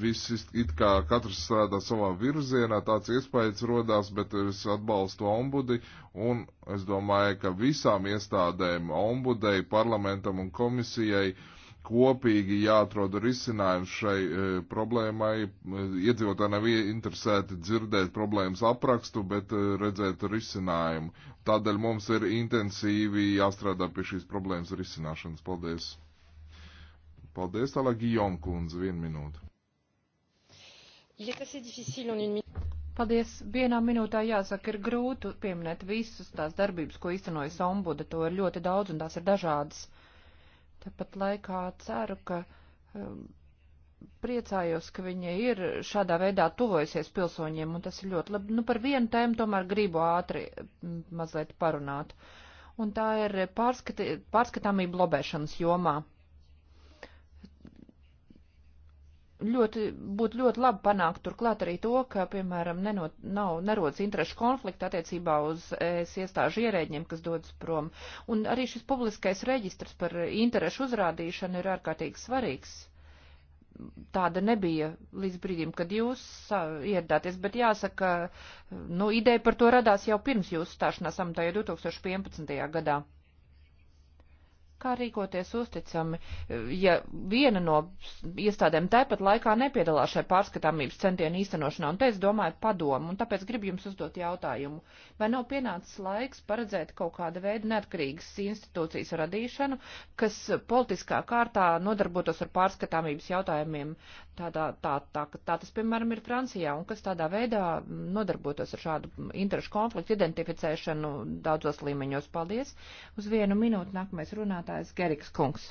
Visi it kā katrs strādā savā virzienā, tāds iespējas rodās, bet es atbalstu ombudi un es domāju, ka visām iestādēm, ombudei, parlamentam un komisijai uh, kopīgi jāatrod risinājums šai e, problēmai. E, iedzīvotāji nav interesēti dzirdēt problēmas aprakstu, bet e, redzēt risinājumu. Tādēļ mums ir intensīvi jāstrādā pie šīs problēmas risināšanas. Paldies! Paldies, tālāk Gijom kundze, vienu minūtu.
Paldies. Vienā minūtā jāsaka, ir grūti pieminēt visas tās darbības, ko īstenojas ombuda. To ir ļoti daudz un tās ir dažādas. Tāpat laikā ceru, ka um, priecājos, ka viņa ir šādā veidā tuvojusies pilsoņiem, un tas ir ļoti labi. Nu, par vienu tēmu tomēr gribu ātri mm, mazliet parunāt. Un tā ir pārskati, pārskatāmība lobēšanas jomā. ļoti, būtu ļoti labi panākt turklāt arī to, ka, piemēram, nenot, nav nerodas interešu konflikta attiecībā uz es iestāžu ierēģiem, kas dodas prom. Un arī šis publiskais reģistrs par interešu uzrādīšanu ir ārkārtīgi svarīgs. Tāda nebija līdz brīdim, kad jūs ieradāties, bet jāsaka, nu, ideja par to radās jau pirms jūsu stāšanās amatā, jau 2015. gadā. Kā rīkoties uzticami, ja viena no iestādēm tāpat laikā nepiedalās šai pārskatāmības centienu īstenošanā, un te es domāju padomu, un tāpēc gribu jums uzdot jautājumu, vai nav pienācis laiks paredzēt kaut kāda veida neatkarīgas institūcijas radīšanu, kas politiskā kārtā nodarbotos ar pārskatāmības jautājumiem tādā, tā, tā, tā tas, piemēram, ir Francijā, un kas tādā veidā nodarbotos ar šādu interešu konfliktu identificēšanu daudzos līmeņos. Paldies! Uz vienu minūti nākamais runātājs Geriks Kungs.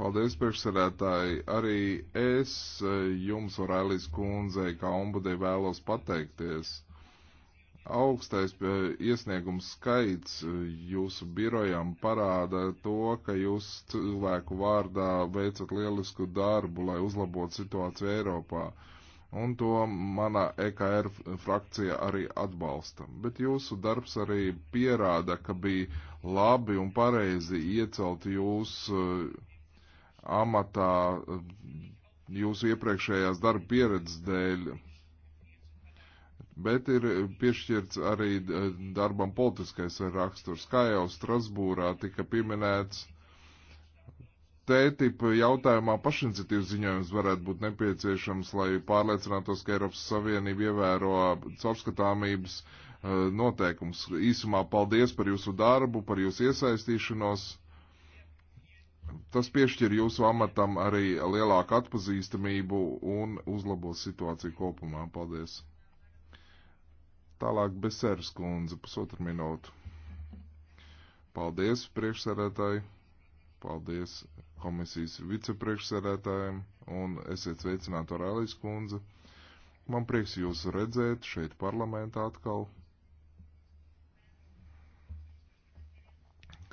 Paldies, priekšsēdētāji. Arī es eh, jums, Orēlijas kundzei, kā ombudē vēlos pateikties augstais eh, iesniegums skaits eh, jūsu birojam parāda to, ka jūs cilvēku vārdā veicat lielisku darbu, lai uzlabotu situāciju Eiropā. Un to mana EKR frakcija arī atbalsta. Bet jūsu darbs arī pierāda, ka bija labi un pareizi iecelt jūs eh, amatā jūsu iepriekšējās darba pieredzes dēļ bet ir piešķirts arī e, darbam politiskais raksturs. Kā jau Strasbūrā tika pieminēts, tētipa jautājumā pašiniciatīvas ziņojums varētu būt nepieciešams, lai pārliecinātos, ka Eiropas Savienība ievēro caurskatāmības e, noteikums. Īsumā paldies par jūsu darbu, par jūsu iesaistīšanos. Tas piešķir jūsu amatam arī lielāku atpazīstamību un uzlabos situāciju kopumā. Paldies! Tālāk Beseras kundze, pusotru minūtu. Paldies priekšsarētāji, paldies komisijas vicepriekšsarētājiem un esiet sveicināti Orēlijas kundze. Man prieks jūs redzēt šeit parlamentā atkal.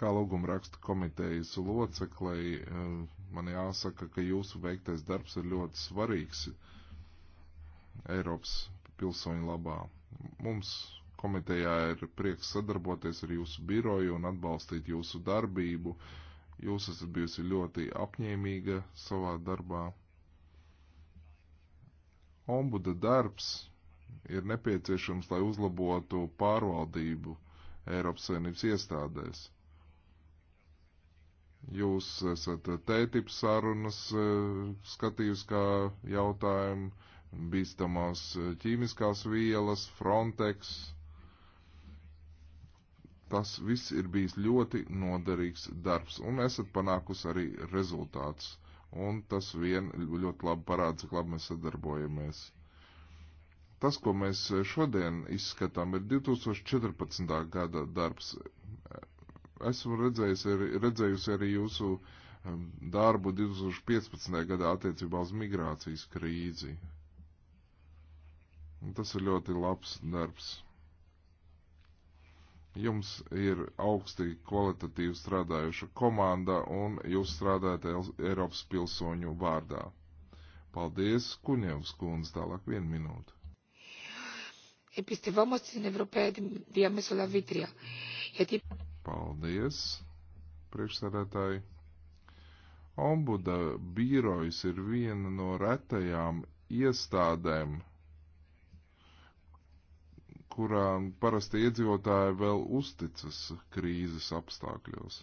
Kā lūguma raksta komitejas loceklei, eh, man jāsaka, ka jūsu veiktais darbs ir ļoti svarīgs Eiropas pilsoņu labā. Mums komitejā ir prieks sadarboties ar jūsu biroju un atbalstīt jūsu darbību. Jūs esat bijusi ļoti apņēmīga savā darbā. Ombuda darbs ir nepieciešams, lai uzlabotu pārvaldību Eiropas Savienības iestādēs. Jūs esat tētips sarunas eh, skatījusi kā jautājumu bīstamās eh, ķīmiskās vielas, Frontex. Tas viss ir bijis ļoti noderīgs darbs, un esat panākusi arī rezultāts. Un tas vien ļoti labi parāda, cik labi mēs sadarbojamies. Tas, ko mēs eh, šodien izskatām, ir 2014. gada darbs. Esmu redzējusi, redzējusi arī jūsu eh, darbu 2015. gadā attiecībā uz migrācijas krīzi. Tas ir ļoti labs darbs. Jums ir augstī kvalitatīvi strādājuša komanda un jūs strādājat Eiropas pilsoņu vārdā. Paldies, Kuņevs kundze, tālāk vienu minūtu.
Επιστευόμαστε στην Ευρωπαία διαμεσολαβήτρια. Γιατί...
Paldies, priekšsēdētāji. Ombuda bīrojas ir viena no retajām iestādēm kurām parasti iedzīvotāji vēl uzticas krīzes apstākļos.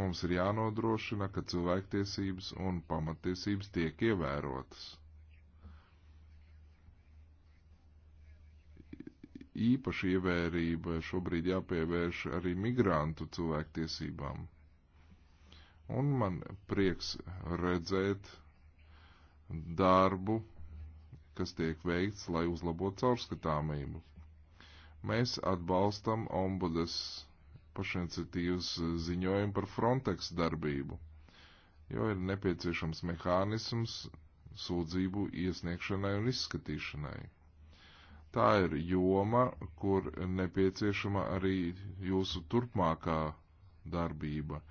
Mums ir jānodrošina, ka cilvēktiesības un pamatiesības tiek ievērotas. īpaši ievērība šobrīd jāpievērš arī migrantu cilvēktiesībām. Un man prieks redzēt darbu kas tiek veikts, lai uzlabotu caurskatāmību. Mēs atbalstam ombudas pašiniciatīvas ziņojumu par Frontex darbību, jo ir nepieciešams mehānisms sūdzību iesniegšanai un izskatīšanai. Tā ir joma, kur nepieciešama arī jūsu turpmākā darbība,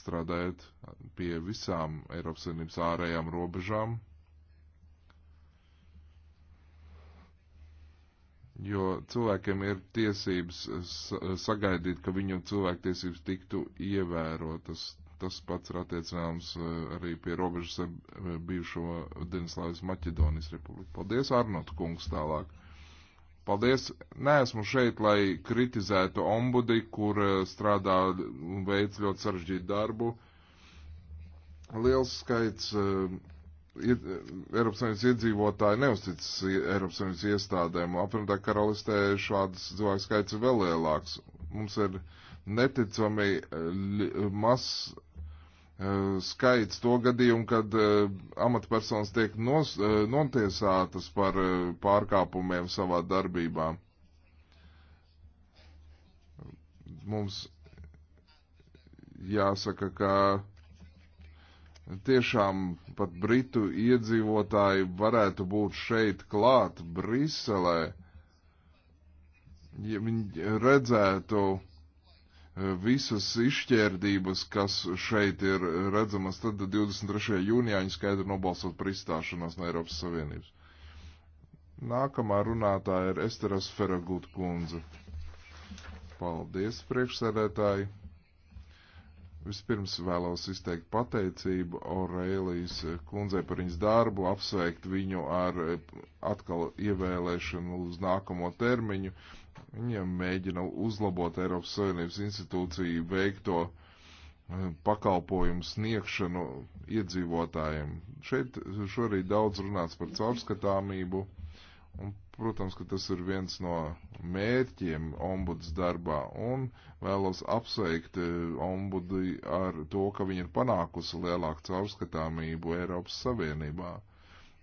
strādājot pie visām Eiropas Savienības ārējām robežām jo cilvēkiem ir tiesības sagaidīt, ka viņu cilvēktiesības tiktu ievērotas. Tas pats ir attiecināms e, arī pie robežas ar e, bijušo Dienaslāvijas Maķedonijas republiku. Paldies, Arnot kungs, tālāk. Paldies, neesmu šeit, lai kritizētu ombudi, kur e, strādā un veic ļoti sarežģītu darbu. Liels skaits uh, Eiropas Savienības iedzīvotāji neusticas Eiropas Savienības iestādēm. Apvienotā karalistē šādas cilvēku skaits ir vēl lielāks. Mums ir neticami mazs eh, skaits to gadījumu, kad eh, amatpersonas tiek nos, eh, notiesātas par pārkāpumiem savā darbībā. Mums jāsaka, ka tiešām pat britu iedzīvotāji varētu būt šeit klāt Briselē, ja viņi redzētu eh, visas izšķērdības, kas šeit ir redzamas, tad 23. jūnijā viņi skaidri nobalsot par izstāšanos no Eiropas Savienības. Nākamā runātāja ir Esteras Feragut kundze. Paldies, priekšsēdētāji! Vispirms vēlos izteikt pateicību Aurēlijas kundzei par viņas darbu, apsveikt viņu ar eh, atkal ievēlēšanu uz nākamo termiņu. Viņa mēģina uzlabot Eiropas Savienības institūciju veikto eh, pakalpojumu sniegšanu iedzīvotājiem. Šeit šorīt daudz runāts par caurskatāmību un Protams, ka tas ir viens no mērķiem ombuds darbā un vēlos apsveikt eh, ombudi ar to, ka viņa ir panākusi lielāku caurskatāmību Eiropas Savienībā.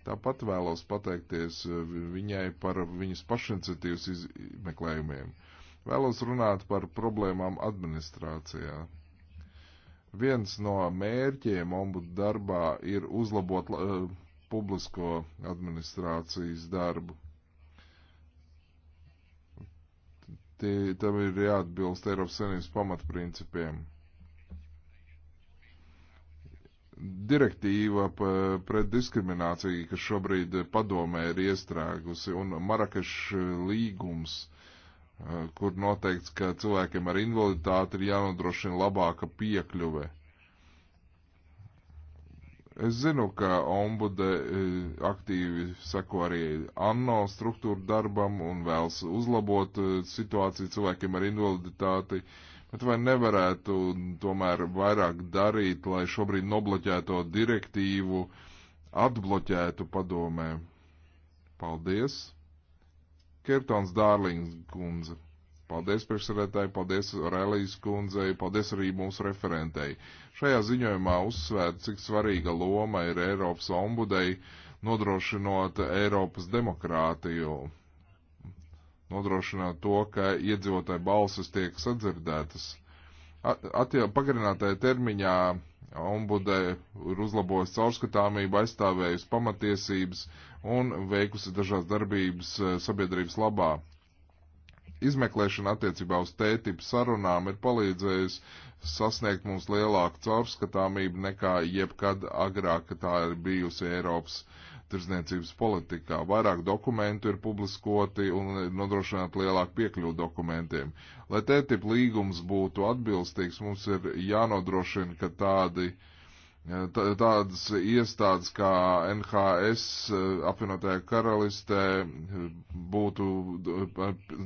Tāpat vēlos pateikties eh, viņai par viņas pašiniciatīvas izmeklējumiem. Vēlos runāt par problēmām administrācijā. Viens no mērķiem ombudu darbā ir uzlabot uh, publisko administrācijas darbu. tie, tam ir jāatbilst Eiropas Savienības pamatprincipiem. Direktīva pret diskrimināciju, kas šobrīd padomē ir iestrēgusi, un Marakešs līgums, eh, kur noteikts, ka cilvēkiem ar invaliditāti ir jānodrošina labāka piekļuve Es zinu, ka ombude e, aktīvi seko arī ANO struktūru darbam un vēlas uzlabot e, situāciju cilvēkiem ar invaliditāti, bet vai nevarētu tomēr vairāk darīt, lai šobrīd nobloķēto direktīvu atbloķētu padomē? Paldies! Kirtons Dārlings kundze. Paldies priekšsarētāji, paldies Relijas kundzei, paldies arī mūsu referentei. Šajā ziņojumā uzsvērt, cik svarīga loma ir Eiropas ombudei nodrošinot Eiropas demokrātiju, nodrošināt to, ka iedzīvotāji balsas tiek sadzirdētas. Pagarinātajā termiņā ombude ir uzlabojusi caurskatāmību, aizstāvējusi pamatiesības un veikusi dažās darbības eh, sabiedrības labā izmeklēšana attiecībā uz tētipu sarunām ir palīdzējusi sasniegt mums lielāku caurskatāmību nekā jebkad agrāk tā ir bijusi Eiropas tirdzniecības politikā. Vairāk dokumentu ir publiskoti un nodrošināt lielāku piekļuvu dokumentiem. Lai tētipu līgums būtu atbilstīgs, mums ir jānodrošina, ka tādi uh, Tādas iestādes kā NHS apvienotajā karalistē būtu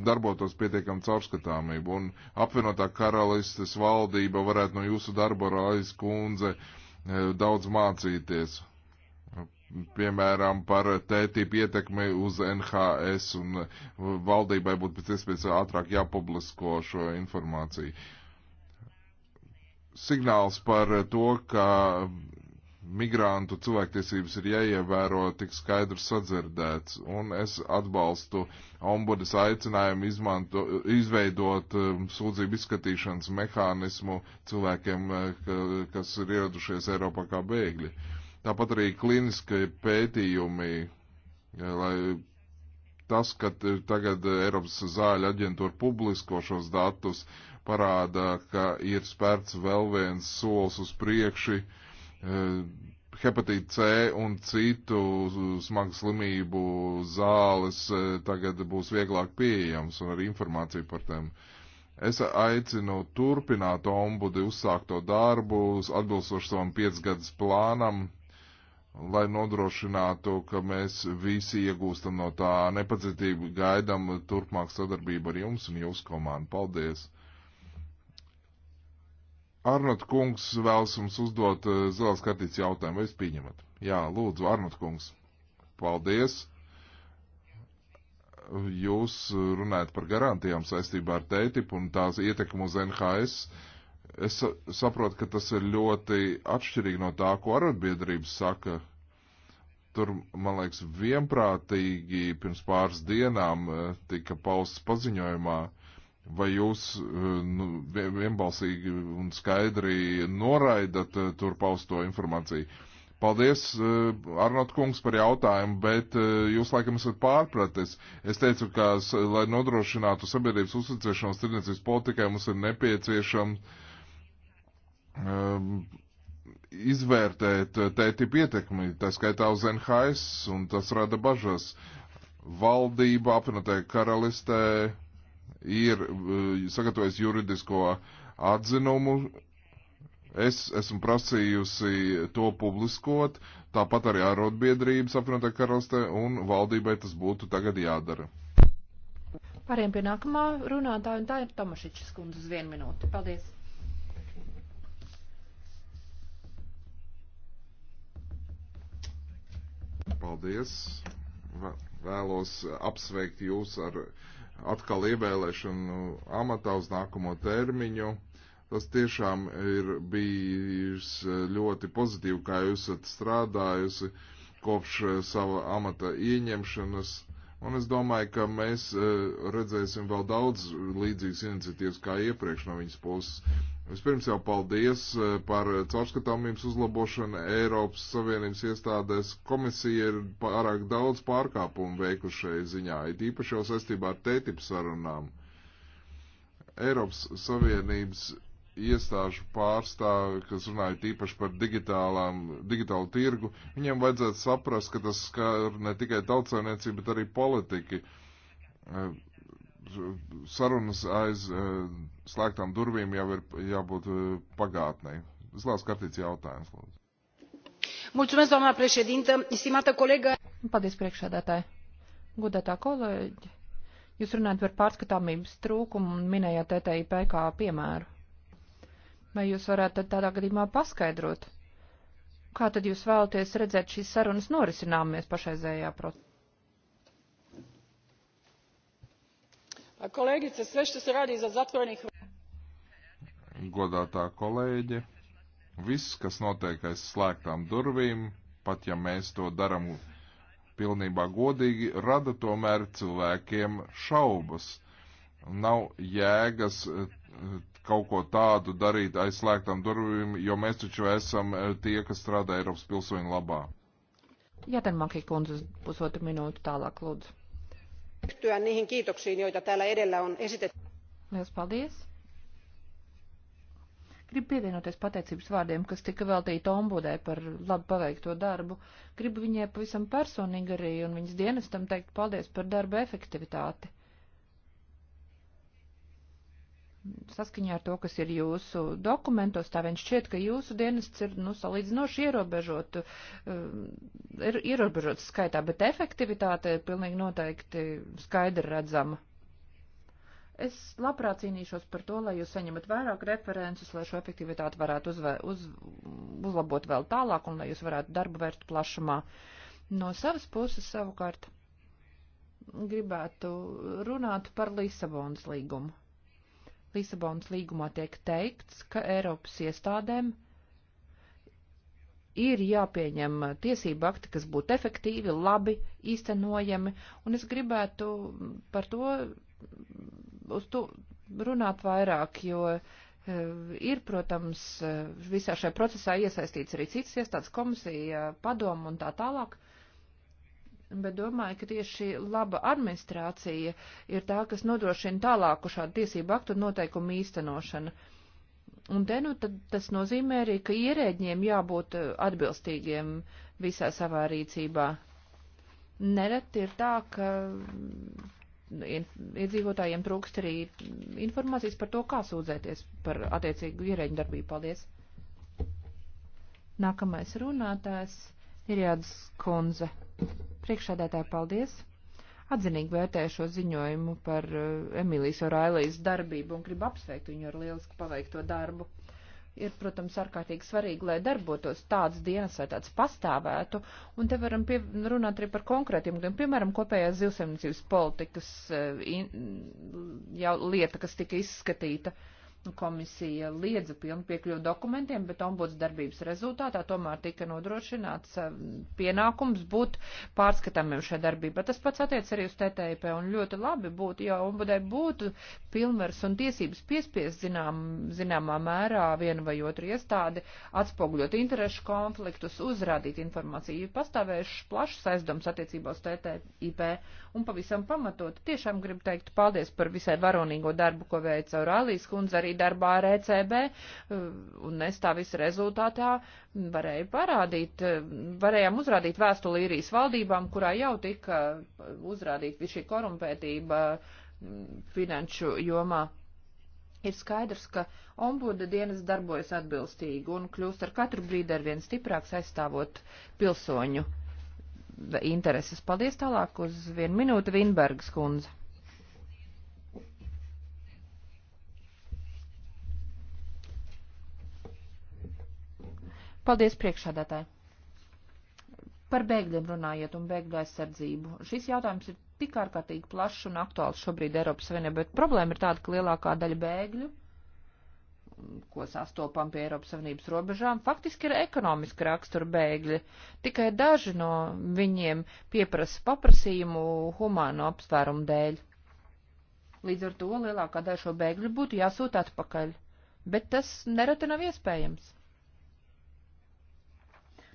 darbotos pietiekam caurskatāmību, un apvienotā karalistes valdība varētu no jūsu darba, Rājas kundze, e, daudz mācīties piemēram, par tētību ietekmi uz NHS un valdībai būtu pēc iespējas ātrāk jāpublisko šo informāciju signāls par eh, to, ka migrantu cilvēktiesības ir jāievēro, tik skaidrs sadzirdēts. Un es atbalstu ombudas aicinājumu izmanto, izveidot eh, sūdzību izskatīšanas mehānismu cilvēkiem, eh, kas ir ieradušies Eiropā kā bēgļi. Tāpat arī klīniskie pētījumi, lai tas, ka tagad Eiropas zāļu aģentūra publisko šos datus, uh, parāda, ka ir spērts vēl viens solis uz priekšu e, hepatīta C un citu smagu slimību zāles e, tagad būs vieglāk pieejams un arī informācija par tiem. Es aicinu turpināt ombudi uzsākto darbu, atbilstoši savam piecgadas plānam, lai nodrošinātu, ka mēs visi iegūstam no tā nepacitību, gaidam turpmāk sadarbību ar jums un jūsu komandu. Paldies! Arnot kungs vēlas jums uzdot eh, zilās kartītes jautājumu, vai jūs pieņemat? Jā, lūdzu, Arnot kungs. Paldies. Jūs runājat par garantijām saistībā ar TTIP un tās ietekmu uz NHS. Es saprotu, ka tas ir ļoti atšķirīgi no tā, ko arotbiedrības saka. Tur, man liekas, vienprātīgi pirms pāris dienām eh, tika pausts paziņojumā, uh, Vai jūs eh, nu, vienbalsīgi un skaidri noraidat eh, tur pausto informāciju? Paldies, eh, Arnot kungs, par jautājumu, bet jūs laikam esat pārpratis. Es teicu, ka, lai nodrošinātu sabiedrības uzticēšanos tirdzniecības politikai, mums ir nepieciešama um, ehm, izvērtēt tētip ietekmi, tā skaitā uz NHS, un tas rada bažas. Valdība apvienotajā karalistē ir eh, sagatavojis juridisko atzinumu. Es esmu prasījusi to publiskot, tāpat arī arotbiedrības apvienotā karalistē, un valdībai tas būtu tagad jādara.
Pāriem pie nākamā runātāja, un tā ir Tomašičs kundze uz vienu minūti. Paldies!
Paldies! Vēlos apsveikt jūs ar atkal ievēlēšanu amatā uz nākamo termiņu. Tas tiešām ir bijis ļoti pozitīvi, kā jūs esat strādājusi kopš sava amata ieņemšanas. Un es domāju, ka mēs e, redzēsim vēl daudz līdzīgas iniciatīvas kā iepriekš no viņas puses. Vispirms jau paldies e, par caurskatāmības uzlabošanu Eiropas Savienības iestādēs. Komisija ir pārāk daudz pārkāpumu veikušai ziņā, it īpaši jau saistībā ar tētipu sarunām. Eiropas Savienības iestāžu pārstāvi, kas runāja tīpaši par digitālu tirgu, viņiem vajadzētu saprast, ka tas skar ne tikai tautsēmniecību, bet arī politiku. Eh, sarunas aiz eh, slēgtām durvīm jau ir jābūt eh, pagātnē. Zlās kartīts jautājums, lūdzu.
Mulțumesc, doamna președintă,
stimată colegă. Paldies, priekšsēdētāji. Godētā kolēģi, jūs runājat par pārskatāmības trūkumu un minējāt e TTIP kā piemēru. Vai jūs varētu tādā gadījumā paskaidrot? Kā tad jūs vēlaties redzēt šīs sarunas norisināmies pašreizējā procesā? Kolegice, sve što se radi iza zatvorenih...
Godātā kolēģe, viss, kas notiek aiz slēgtām durvīm, pat ja mēs to daram pilnībā godīgi, rada tomēr cilvēkiem šaubas. Nav jēgas kaut ko tādu darīt aizslēgtām durvīm, jo mēs taču esam eh, tie, kas strādā Eiropas pilsoņu labā.
Jā, tad Makī kundze pusotru minūtu tālāk lūdzu. Yhtyä niihin kiitoksiin, joita täällä edellä on esitetty. Liels paldies! Gribu pievienoties pateicības vārdiem, kas tika veltīti ombudē par labi paveikto darbu. Gribu viņai pavisam personīgi arī un viņas dienestam teikt paldies par darba efektivitāti saskaņā ar to, kas ir jūsu dokumentos, tā viņš šķiet, ka jūsu dienests ir, nu, salīdzinoši ierobežot, eh, ir ierobežot skaitā, bet efektivitāte ir pilnīgi noteikti skaidri redzama. Es labprāt cīnīšos par to, lai jūs saņemat vairāk references, lai šo efektivitāti varētu uzvē, uz, uzlabot vēl tālāk un lai jūs varētu darbu vērst plašumā. No savas puses savukārt gribētu runāt par Lisabonas līgumu Lisabonas līgumā tiek teikts, ka Eiropas iestādēm ir jāpieņem tiesība akti, kas būtu efektīvi, labi īstenojami, un es gribētu par to, uz to runāt vairāk, jo eh, ir, protams, eh, visā šajā procesā iesaistīts arī citas iestādes komisija, padomu un tā tālāk. Uh, Bet domāju, ka tieši laba administrācija ir tā, kas nodrošina tālāku šādu tiesību aktu un noteikumu īstenošanu. Un te nu tad tas nozīmē arī, ka ierēģiem jābūt eh, atbilstīgiem visā savā rīcībā. Nereti ir tā, ka mm, iedzīvotājiem trūkst arī informācijas par to, kā sūdzēties par attiecīgu ierēģu darbību. Paldies! Nākamais runātājs ir jādas kundze. Priekšādētāji, paldies! Atzinīgi vērtēju šo ziņojumu par eh, Emīlijas Orailijas darbību un gribu apsveikt viņu ar lielisku paveikto darbu ir, protams, ārkārtīgi svarīgi, lai darbotos tāds dienas vai tāds pastāvētu, un te varam pie, runāt arī par konkrētiem, gan, piemēram, kopējās zivsaimniecības politikas eh, in, jau, lieta, kas tika izskatīta. Uh, Komisija liedza pilnu piekļuvu dokumentiem, bet ombuds darbības rezultātā tomēr tika nodrošināts eh, pienākums būt pārskatāmiem šai darbībā. Tas pats attiec arī uz TTIP un ļoti labi būtu, ja ombudai būtu pilnvars un tiesības piespiest zinām, zināmā mērā vienu vai otru iestādi, atspogļot interešu konfliktus, uzrādīt informāciju. Pastāvējušas plašas aizdomas attiecībā uz TTIP un pavisam pamatot. Tiešām gribu teikt paldies par visai varonīgo darbu, ko veica Aurālijas kundze arī arī darbā ar ECB, eh, un es tā visa rezultātā varēju parādīt, eh, varējām uzrādīt vēstuli īrijas valdībām, kurā jau tika uzrādīta šī korumpētība mm, finanšu jomā. Ir skaidrs, ka ombuda dienas darbojas atbilstīgi un kļūst ar katru brīdi ar vien stiprāks aizstāvot pilsoņu intereses. Paldies tālāk uz vienu minūti Vinbergas kundze. Paldies priekšādātāji. Par bēgļiem runājiet un bēgļu aizsardzību. Šis jautājums ir tik ārkārtīgi plašs un aktuāls šobrīd Eiropas Savienībā, bet problēma ir tāda, ka lielākā daļa bēgļu, ko sastopam pie Eiropas Savienības robežām, faktiski ir ekonomiski rakstura bēgļi. Tikai daži no viņiem pieprasa paprasījumu humāno apsvērumu dēļ. Līdz ar to lielākā daļa šo bēgļu būtu jāsūt atpakaļ, bet tas nereti nav iespējams.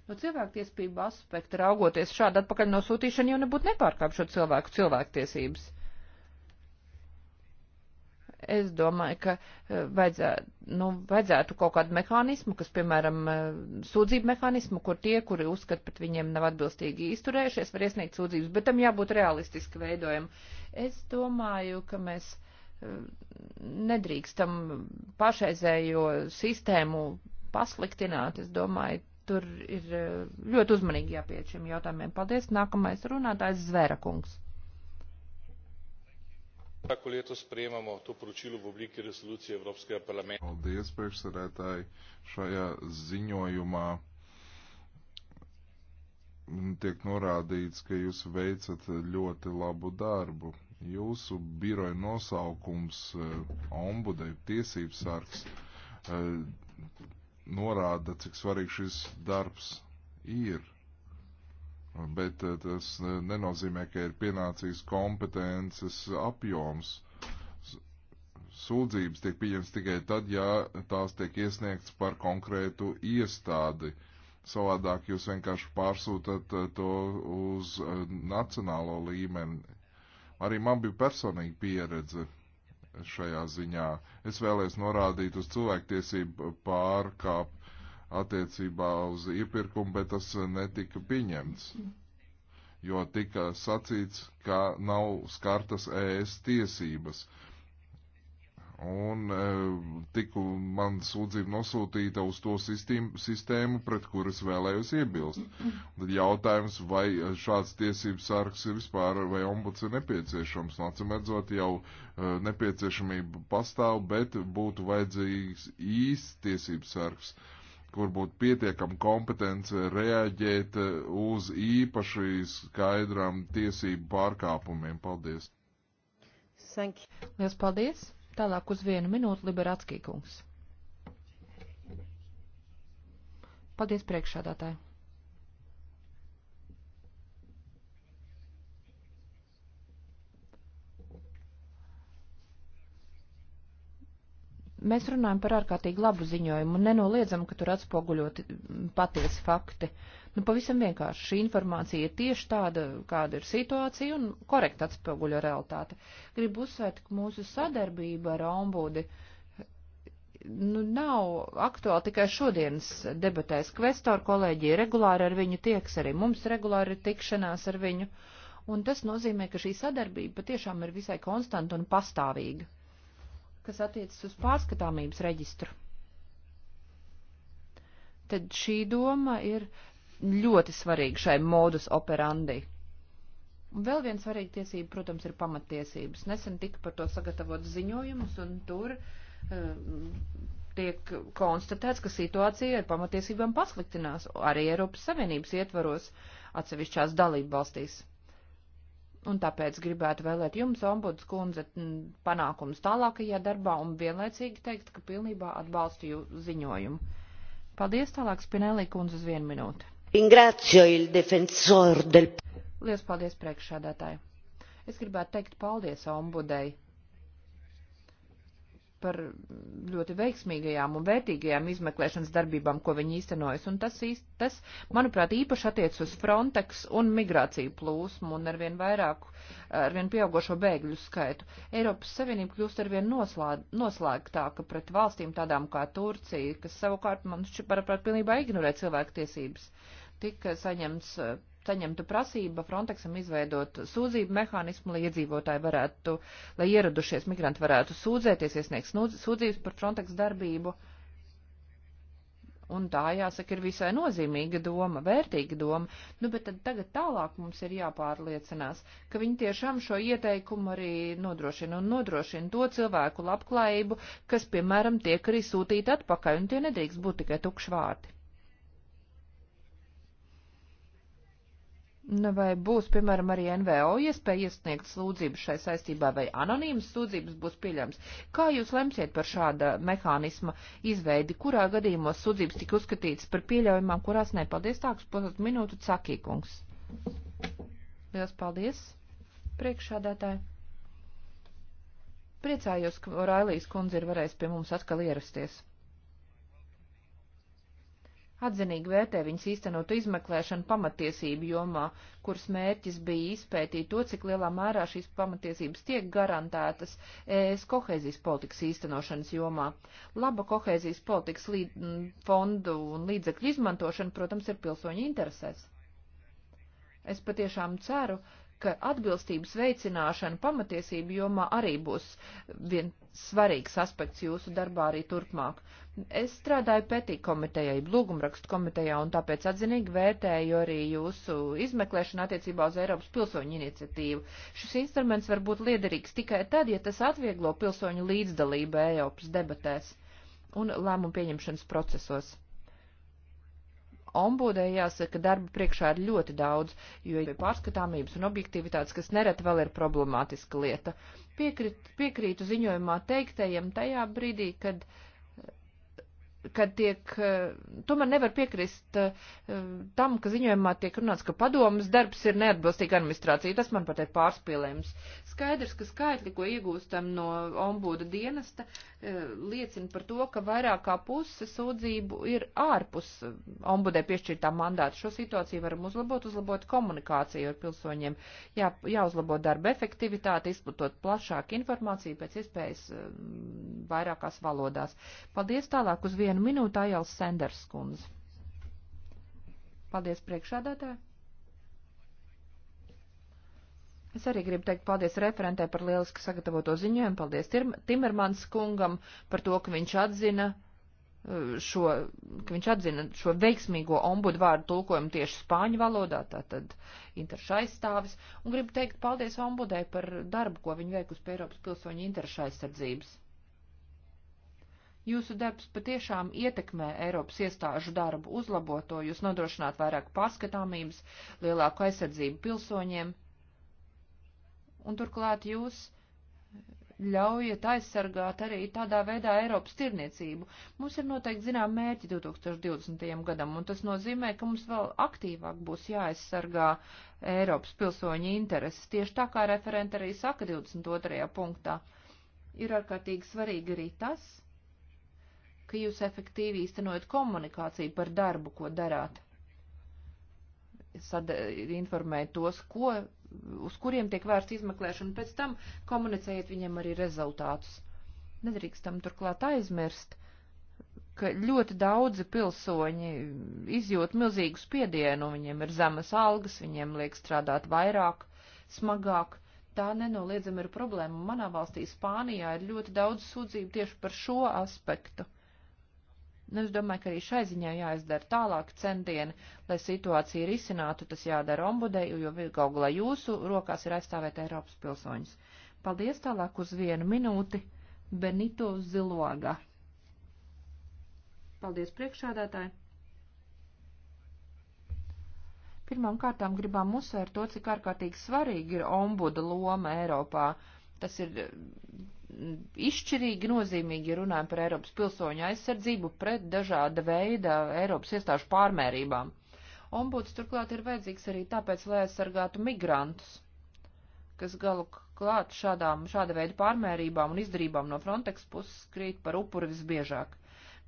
No cilvēktiesību aspekta raugoties šādi atpakaļ nosūtīšana jau nebūtu nepārkāpšo cilvēku cilvēktiesības. Es domāju, ka eh, vajadzētu, nu, vajadzētu kaut kādu mehānismu, kas, piemēram, eh, sūdzību mehānismu, kur tie, kuri uzskat, pret viņiem nav atbilstīgi izturējušies, var iesniegt sūdzības, bet tam jābūt realistiski veidojam. Es domāju, ka mēs eh, nedrīkstam pašreizējo sistēmu pasliktināt. Es domāju, tur ir e, ļoti uzmanīgi jāpiet šiem jautājumiem. Paldies. Nākamais runātājs Zvera kungs.
Vsako leto sprejemamo to poročilo v obliki resolucije Evropskega parlamenta. Paldies, priekšsēdētāji. Šajā ziņojumā tiek norādīts, ka jūs veicat ļoti labu darbu. Jūsu biroja nosaukums e, ombudai tiesības sargs e, norāda, cik svarīgs šis darbs ir. Bet eh, tas nenozīmē, ka ir pienācīgs kompetences apjoms. Sūdzības tiek pieņemts tikai tad, ja tās tiek iesniegts par konkrētu iestādi. Savādāk jūs vienkārši pārsūtat eh, to uz eh, nacionālo līmeni. Arī man bija personīga pieredze šajā ziņā. Es vēlēs norādīt uz cilvēktiesību pārkāp attiecībā uz iepirkumu, bet tas netika pieņemts, jo tika sacīts, ka nav skartas ES tiesības. Uh, un e, tiku man sūdzība nosūtīta uz to sistēmu, sistēmu pret kuras vēlējos iebilst. Tad jautājums, vai šāds tiesības sargs ir vispār, vai ombuds ir nepieciešams. Nācimedzot, nu, jau e, nepieciešamība pastāv, bet būtu vajadzīgs īsts tiesības sargs kur būtu pietiekama kompetence reaģēt uz īpaši skaidram tiesību pārkāpumiem. Paldies!
Lielas paldies! Tālāk uz vienu minūtu Liberatskī kungs. Paldies priekšādātāji. Mēs runājam par ārkārtīgi labu ziņojumu un nenoliedzam, ka tur atspoguļoti patiesi fakti. Uh, Nu, pavisam vienkārši šī informācija ir tieši tāda, kāda ir situācija un korekti atspoguļo realitāti. Gribu uzsvērt, ka mūsu sadarbība ar ombudi nu, nav aktuāli tikai šodienas debatēs. Kvestoru kolēģi regulāri ar viņu tieks, arī mums regulāri ir tikšanās ar viņu. Un tas nozīmē, ka šī sadarbība patiešām ir visai konstanta un pastāvīga, kas attiecas uz pārskatāmības reģistru tad šī doma ir ļoti svarīgi šai modus operandi. Un vēl viena svarīga tiesība, protams, ir pamatiesības. Nesen tika par to sagatavot ziņojums, un tur um, tiek konstatēts, ka situācija ar pamatiesībām pasliktinās arī Eiropas Savienības ietvaros atsevišķās dalību valstīs. Un tāpēc gribētu vēlēt jums, ombuds kundze, panākums tālākajā darbā un vienlaicīgi teikt, ka pilnībā atbalstu jūsu ziņojumu. Paldies tālāk Spinelī kundze uz vienu minūti. Liels paldies priekšsēdētāji! Es gribētu teikt paldies ombudei par ļoti veiksmīgajām un vērtīgajām izmeklēšanas darbībām, ko viņi īstenojas. Un tas, tas manuprāt, īpaši attiec uz Frontex un migrāciju plūsmu un arvien vairāku, arvien pieaugošo bēgļu skaitu. Eiropas Savienība kļūst arvien noslēg, noslēgtāka pret valstīm tādām kā Turcija, kas savukārt, man šķiet, paraprat, pilnībā ignorē cilvēku tiesības. Tika saņemts saņemtu prasība Frontexam izveidot sūdzību mehānismu, lai iedzīvotāji varētu, lai ieradušies migranti varētu sūdzēties, iesniegt sūdzības par Frontex darbību. Un tā, jāsaka, ir visai nozīmīga doma, vērtīga doma. Nu, bet tad tagad tālāk mums ir jāpārliecinās, ka viņi tiešām šo ieteikumu arī nodrošina un nodrošina to cilvēku labklājību, kas, piemēram, tiek arī sūtīti atpakaļ, un tie nedrīkst būt tikai tukšvārti. Nu, vai būs, piemēram, arī NVO iespēja iesniegt sūdzības šai saistībā, vai anonīmas sūdzības būs pieļams? Kā jūs lemsiet par šāda mehānisma izveidi, kurā gadījumos sūdzības tika uzskatītas par pieļaujamām, kurās nē? Paldies, tāks pusot minūtu cakīkungs. Lielas paldies, priekšādātāji. Priecājos, ka Railijas kundze ir varējis pie mums atkal ierasties atzinīgi vērtē viņas īstenotu izmeklēšanu pamatiesību jomā, kuras mērķis bija izpētīt to, cik lielā mērā šīs pamatiesības tiek garantētas ES kohēzijas politikas īstenošanas jomā. Laba kohēzijas politikas līd, fondu un līdzekļu izmantošana, protams, ir pilsoņu interesēs. Es patiešām ceru, ka atbilstības veicināšana pamatiesību jomā arī būs viens svarīgs aspekts jūsu darbā arī turpmāk. Es strādāju pētī komitejai, lūgumrakstu komitejā, un tāpēc atzinīgi vērtēju arī jūsu izmeklēšanu attiecībā uz Eiropas pilsoņu iniciatīvu. Šis instruments var būt liederīgs tikai tad, ja tas atvieglo pilsoņu līdzdalību Eiropas debatēs un lēmumu pieņemšanas procesos ombudē jāsaka, darba priekšā ir ļoti daudz, jo ir pārskatāmības un objektivitātes, kas neret vēl ir problemātiska lieta. Piekrit, piekrītu ziņojumā teiktajam tajā brīdī, kad uh, kad tiek, eh, tomēr nevar piekrist eh, tam, ka ziņojumā tiek runāts, ka padomas darbs ir neatbilstīga administrācija. Tas man pat ir pārspīlējums. Skaidrs, ka skaitļi, ko iegūstam no ombuda dienesta, eh, liecina par to, ka vairāk kā puse sūdzību ir ārpus ombudē piešķirtā mandāta. Šo situāciju varam uzlabot, uzlabot komunikāciju ar pilsoņiem, jā, jāuzlabo darba efektivitāti, izplatot plašāku informāciju pēc iespējas vairākās valodās. Paldies tālāk uz vienu vienu minūtu Ajāls Senders kundze. Paldies priekšādātāji. Es arī gribu teikt paldies referentē par lieliski sagatavoto ziņojumu, paldies Timermans kungam par to, ka viņš atzina uh, šo, ka viņš atzina šo veiksmīgo ombudu vārdu tulkojumu tieši spāņu valodā, tātad interšu aizstāvis, un gribu teikt paldies ombudai par darbu, ko viņi veik uz Eiropas pilsoņu interšu aizsardzības. Jūsu darbs patiešām ietekmē Eiropas iestāžu darbu, uzlabo to, jūs nodrošināt vairāk paskatāmības, lielāku aizsardzību pilsoņiem, un turklāt jūs ļaujat aizsargāt arī tādā veidā Eiropas tirniecību. Mums ir noteikti zinām mērķi 2020. gadam, un tas nozīmē, ka mums vēl aktīvāk būs jāaizsargā Eiropas pilsoņu intereses, tieši tā kā referenta arī saka 22. punktā. Ir ārkārtīgi svarīgi arī tas, ka jūs efektīvi īstenojat komunikāciju par darbu, ko darāt. Sad, informēt tos, ko, uz kuriem tiek vērsts izmeklēšana, pēc tam komunicējiet viņiem arī rezultātus. Nedrīkstam turklāt aizmirst, ka ļoti daudzi pilsoņi izjūt milzīgu spiedienu, viņiem ir zemas algas, viņiem liek strādāt vairāk, smagāk. Tā nenoliedzami ir problēma. Manā valstī, Spānijā, ir ļoti daudz sūdzību tieši par šo aspektu Nu, es domāju, ka arī šai ziņā jāizdara tālāk centieni, lai situācija risinātu, tas jādara ombudei, jo galu galā jūsu rokās ir aizstāvēt Eiropas pilsoņus. Paldies tālāk uz vienu minūti Benito Ziloga. Paldies priekšādātāji. Pirmām kārtām gribām uzsvērt to, cik ārkārtīgi svarīgi ir ombuda loma Eiropā. Tas ir izšķirīgi nozīmīgi, ja runājam par Eiropas pilsoņu aizsardzību pret dažāda veida Eiropas iestāžu pārmērībām. Ombuds turklāt ir vajadzīgs arī tāpēc, lai aizsargātu migrantus, kas galu klāt šādām, šāda veida pārmērībām un izdarībām no Frontex puses krīt par upuri visbiežāk.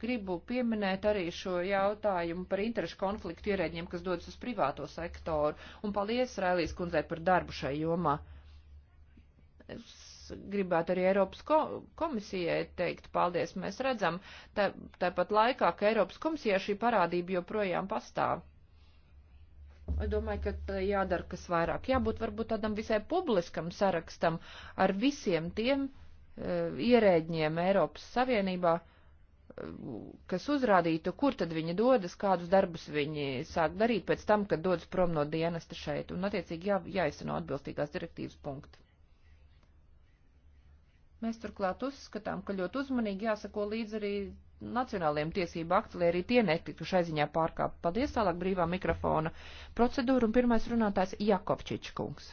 Gribu pieminēt arī šo jautājumu par interešu konfliktu ierēģiem, kas dodas uz privāto sektoru, un paldies Railijas kundzei par darbu šai jomā. Es gribētu arī Eiropas ko komisijai teikt paldies. Mēs redzam tā, tāpat laikā, ka Eiropas komisijā šī parādība joprojām pastāv. Es domāju, ka jādara kas vairāk. Jābūt varbūt tādam visai publiskam sarakstam ar visiem tiem uh, ierēģiem Eiropas Savienībā, uh, kas uzrādītu, kur tad viņi dodas, kādus darbus viņi sāk darīt pēc tam, kad dodas prom no dienesta šeit. Un, attiecīgi, jā, jāizsano atbilstīgās direktīvas punkti. Mēs turklāt uzskatām, ka ļoti uzmanīgi jāsako līdz arī nacionāliem tiesību aktu, lai arī tie netiktu šai ziņā pārkāpt. Paldies tālāk brīvā mikrofona procedūra un pirmais runātājs Jakovčič kungs.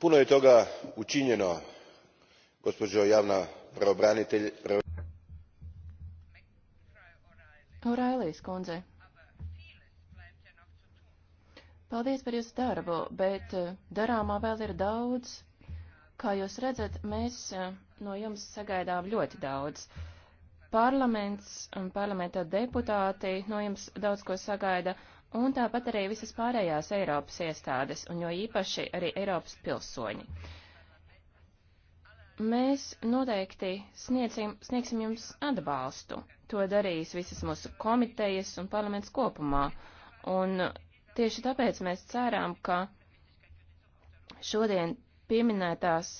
Puno je toga učinjeno, gospođo javna pravobranitelj. Prav... Orailijs kundze. Paldies par jūsu darbu, bet eh, darāmā vēl ir daudz. Kā jūs redzat, mēs eh, no jums sagaidām ļoti daudz. Parlaments un mm, parlamenta deputāti no jums daudz ko sagaida, un tāpat arī visas pārējās Eiropas iestādes, un jo īpaši arī Eiropas pilsoņi. Mēs noteikti sniedzim, sniegsim jums atbalstu. To darīs visas mūsu komitejas un parlaments kopumā. Un Tieši tāpēc mēs cerām, ka šodien pieminētās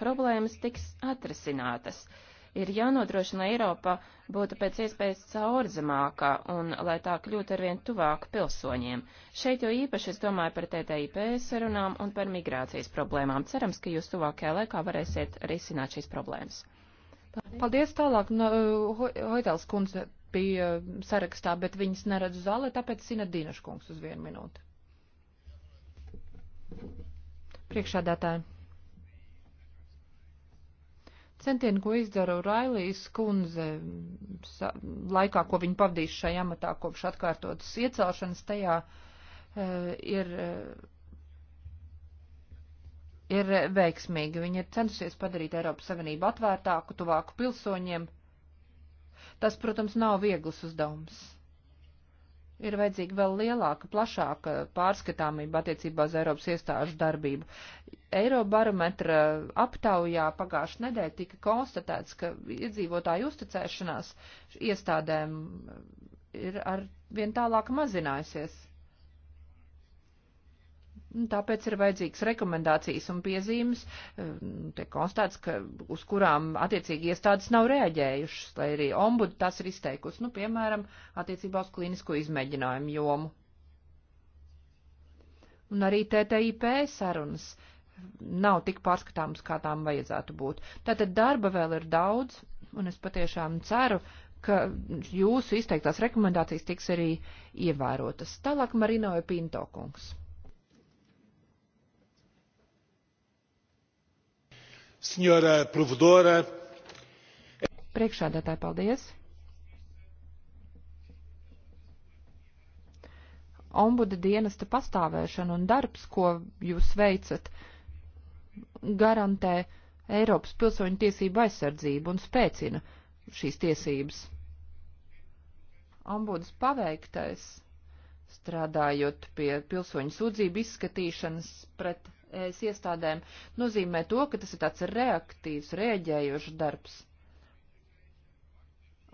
problēmas tiks atrasinātas. Ir jānodrošina Eiropa būtu pēc iespējas caurzemākā un lai tā kļūtu arvien tuvāk pilsoņiem. Šeit jau īpaši es domāju par TTIP sarunām un par migrācijas problēmām. Cerams, ka jūs tuvākajā laikā varēsiet risināt šīs problēmas.
Paldies, Paldies tālāk, no, Hoitels kundze bija sarakstā, bet viņas neredzu zālē, tāpēc Sina Dīnaškungs uz vienu minūti. Priekšādātāji. Centieni, ko izdara Railijas kundze laikā, ko viņa pavadījusi šajā amatā kopš atkārtotas iecelšanas tajā, eh, ir eh, ir veiksmīga. Viņa ir censusies padarīt Eiropas Savienību atvērtāku, tuvāku pilsoņiem. Tas, protams, nav viegls uzdevums. Ir vajadzīga vēl lielāka, plašāka pārskatāmība attiecībā uz Eiropas iestāžu darbību. Eirobarometra aptaujā pagājušajā nedēļā tika konstatēts, ka iedzīvotāju uzticēšanās iestādēm ir ar vien tālāk mazinājusies. Nu, tāpēc ir vajadzīgs rekomendācijas un piezīmes, eh, te konstatēts, ka uz kurām attiecīgi iestādes nav reaģējušas, lai arī ombudu tas ir izteikusi, nu, piemēram, attiecībā uz klīnisko izmēģinājumu jomu. Un arī TTIP sarunas nav tik pārskatāmas, kā tām vajadzētu būt. Tātad darba vēl ir daudz, un es patiešām ceru, ka jūsu izteiktās rekomendācijas tiks arī ievērotas. Tālāk Marinoja Pinto kungs.
senhora provedora.
Priekšādātāji, paldies. Ombuda dienesta pastāvēšana un darbs, ko jūs veicat, garantē Eiropas pilsoņu tiesību aizsardzību un spēcina šīs tiesības. Ombuds paveiktais, strādājot pie pilsoņu sūdzību izskatīšanas pret es iestādēm, nozīmē to, ka tas ir tāds reaktīvs, rēģējošs darbs.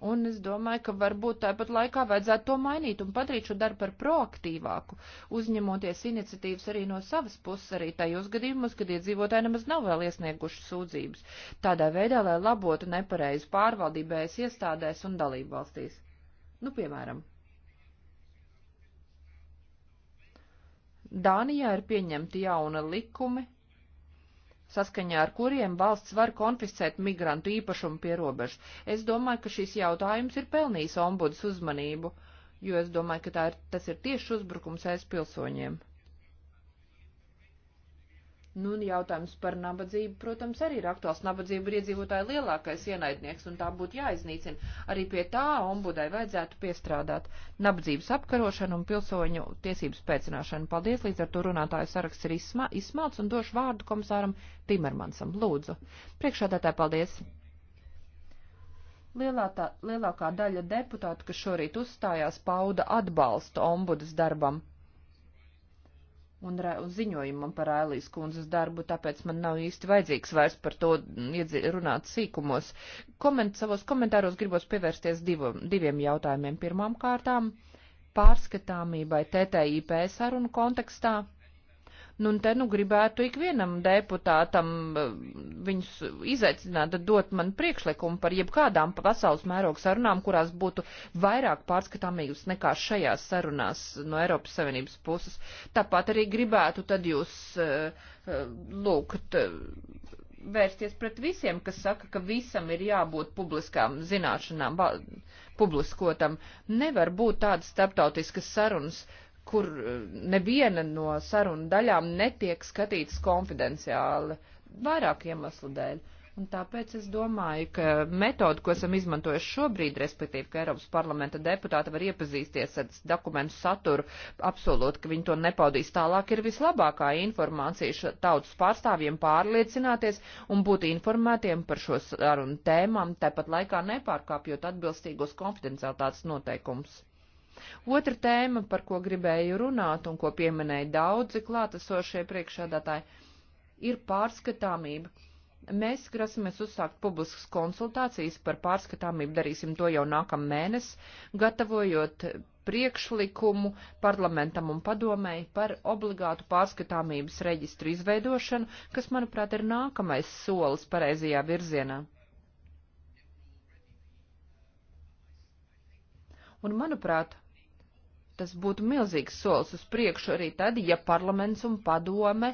Un es domāju, ka varbūt tāpat laikā vajadzētu to mainīt un padarīt šo darbu par proaktīvāku, uzņemoties iniciatīvas arī no savas puses, arī tajos gadījumos, kad iedzīvotāji nemaz nav vēl iesnieguši sūdzības. Tādā veidā, lai labotu nepareizu pārvaldībējas iestādēs un dalību valstīs. Nu, piemēram, Dānijā ir pieņemti jauna likumi, saskaņā ar kuriem valsts var konfiscēt migrantu īpašumu pie robežas. Es domāju, ka šīs jautājums ir pelnījis ombuds uzmanību, jo es domāju, ka ir, tas ir tieši uzbrukums aiz pilsoņiem. Nu, un jautājums par nabadzību, protams, arī ir aktuāls. Nabadzība ir iedzīvotāja lielākais ienaidnieks, un tā būtu jāiznīcina. Arī pie tā ombudai vajadzētu piestrādāt nabadzības apkarošanu un pilsoņu tiesības pēcināšanu. Paldies, līdz ar to runātāju saraksts ir izsma, izsmalts, un došu vārdu komisāram Timermansam. Lūdzu. Priekšādātāji, paldies. Lielā tā, lielākā daļa deputātu, kas šorīt uzstājās, pauda atbalstu ombudas darbam un, un ziņojumam par Ailijas kundzes darbu, tāpēc man nav īsti vajadzīgs vairs par to runāt sīkumos. Koment, savos komentāros gribos pievērsties divu, diviem jautājumiem. Pirmām kārtām pārskatāmībai TTIP sarunu kontekstā Nu, un te nu gribētu ikvienam deputātam eh, viņus izaicināt, dot man priekšlikumu par jebkādām pasaules mēroga sarunām, kurās būtu vairāk pārskatāmības nekā šajās sarunās no Eiropas Savienības puses. Tāpat arī gribētu tad jūs eh, eh, lūgt vērsties pret visiem, kas saka, ka visam ir jābūt publiskām zināšanām, publiskotam. Nevar būt tādas starptautiskas sarunas, uh, kur eh, neviena no sarunu daļām netiek skatīts konfidenciāli, vairāk iemeslu dēļ. Un tāpēc es domāju, ka metodu, ko esam izmantojuši šobrīd, respektīvi, ka Eiropas parlamenta deputāti var iepazīsties ar dokumentu saturu, apsolot, ka viņi to nepaudīs tālāk, ir vislabākā informācija tautas pārstāvjiem pārliecināties un būt informētiem par šo sarunu tēmām, tāpat laikā nepārkāpjot atbilstīgos konfidencialitātes noteikumus. Otra tēma, par ko gribēju runāt un ko pieminēja daudzi klātesošie priekšādātāji, ir pārskatāmība. Mēs grasamies uzsākt publiskas konsultācijas par pārskatāmību, darīsim to jau nākam mēnes, gatavojot priekšlikumu parlamentam un padomēji par obligātu pārskatāmības reģistru izveidošanu, kas, manuprāt, ir nākamais solis pareizajā virzienā. Un, manuprāt, Tas būtu milzīgs solis uz priekšu arī tad, ja parlaments un padome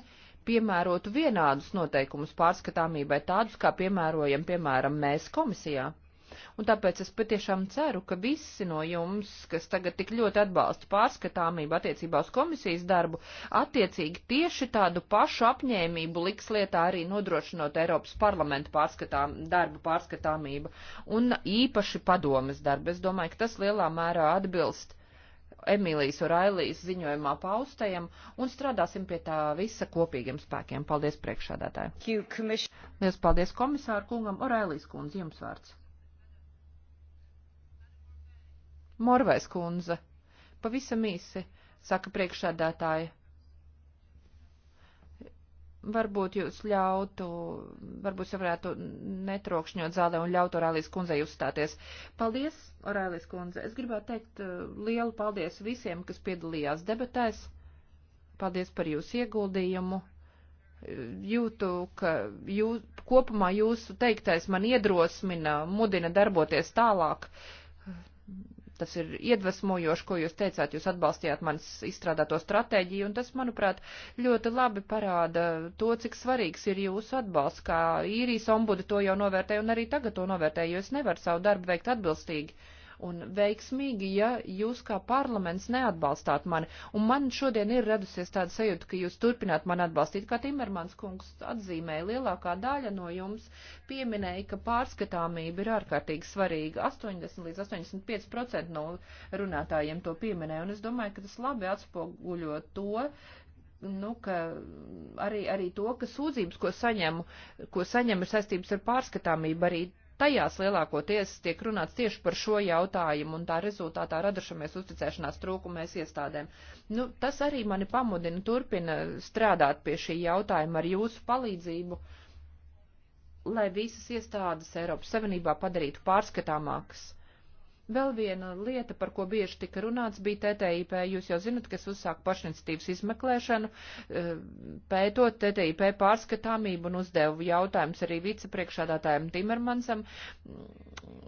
piemērotu vienādus noteikumus pārskatāmībai, tādus, kā piemērojam, piemēram, mēs komisijā. Un tāpēc es patiešām ceru, ka visi no jums, kas tagad tik ļoti atbalsta pārskatāmību attiecībā uz komisijas darbu, attiecīgi tieši tādu pašu apņēmību liks lietā arī nodrošinot Eiropas parlamentu pārskatām, darbu pārskatāmību un īpaši padomas darbu. Es domāju, ka tas lielā mērā atbilst Emīlijas un Railijas ziņojumā paustajam un strādāsim pie tā visa kopīgiem spēkiem. Paldies priekšādātāji. Lielas paldies komisāru kungam un Railijas kundze jums vārds. Morvais kundze. Pavisam īsi, saka priekšādātāja varbūt jūs ļautu, varbūt jūs varētu netrokšņot zālē un ļaut Orālijas kundzei uzstāties. Paldies, Orālijas kundze. Es gribētu teikt uh, lielu paldies visiem, kas piedalījās debatēs. Paldies par jūsu ieguldījumu. Uh, jūtu, ka jūs, kopumā jūsu teiktais man iedrosmina, mudina darboties tālāk. Uh, Tas ir iedvesmojoši, ko jūs teicāt, jūs atbalstījāt manas izstrādāto stratēģiju, un tas, manuprāt, ļoti labi parāda to, cik svarīgs ir jūsu atbalsts, kā īrijas ombuda to jau novērtēja un arī tagad to novērtēja, jo es nevaru savu darbu veikt atbilstīgi un veiksmīgi, ja jūs kā parlaments neatbalstāt mani. Un man šodien ir redusies tāda sajūta, ka jūs turpināt mani atbalstīt, kā Timermans kungs atzīmēja, lielākā daļa no jums pieminēja, ka pārskatāmība ir ārkārtīgi svarīga. 80 līdz 85% no runātājiem to pieminēja, un es domāju, ka tas labi atspoguļo to, nu, ka arī, arī to, ka sūdzības, ko saņemu, ko saņemu ir saistības ar pārskatāmību, arī Tajās lielākoties tiek runāts tieši par šo jautājumu, un tā rezultātā radušamies uzticēšanās trūkumēs iestādēm. Nu, tas arī mani pamudina turpina strādāt pie šī jautājuma ar jūsu palīdzību, lai visas iestādes Eiropas Savienībā padarītu pārskatāmākas Vēl viena lieta, par ko bieži tika runāts, bija TTIP. Jūs jau zinat, kas uzsāk pašinicitīvas izmeklēšanu, e, pētot TTIP pārskatāmību un uzdevu jautājumus arī vicepriekšādātājiem Timermansam.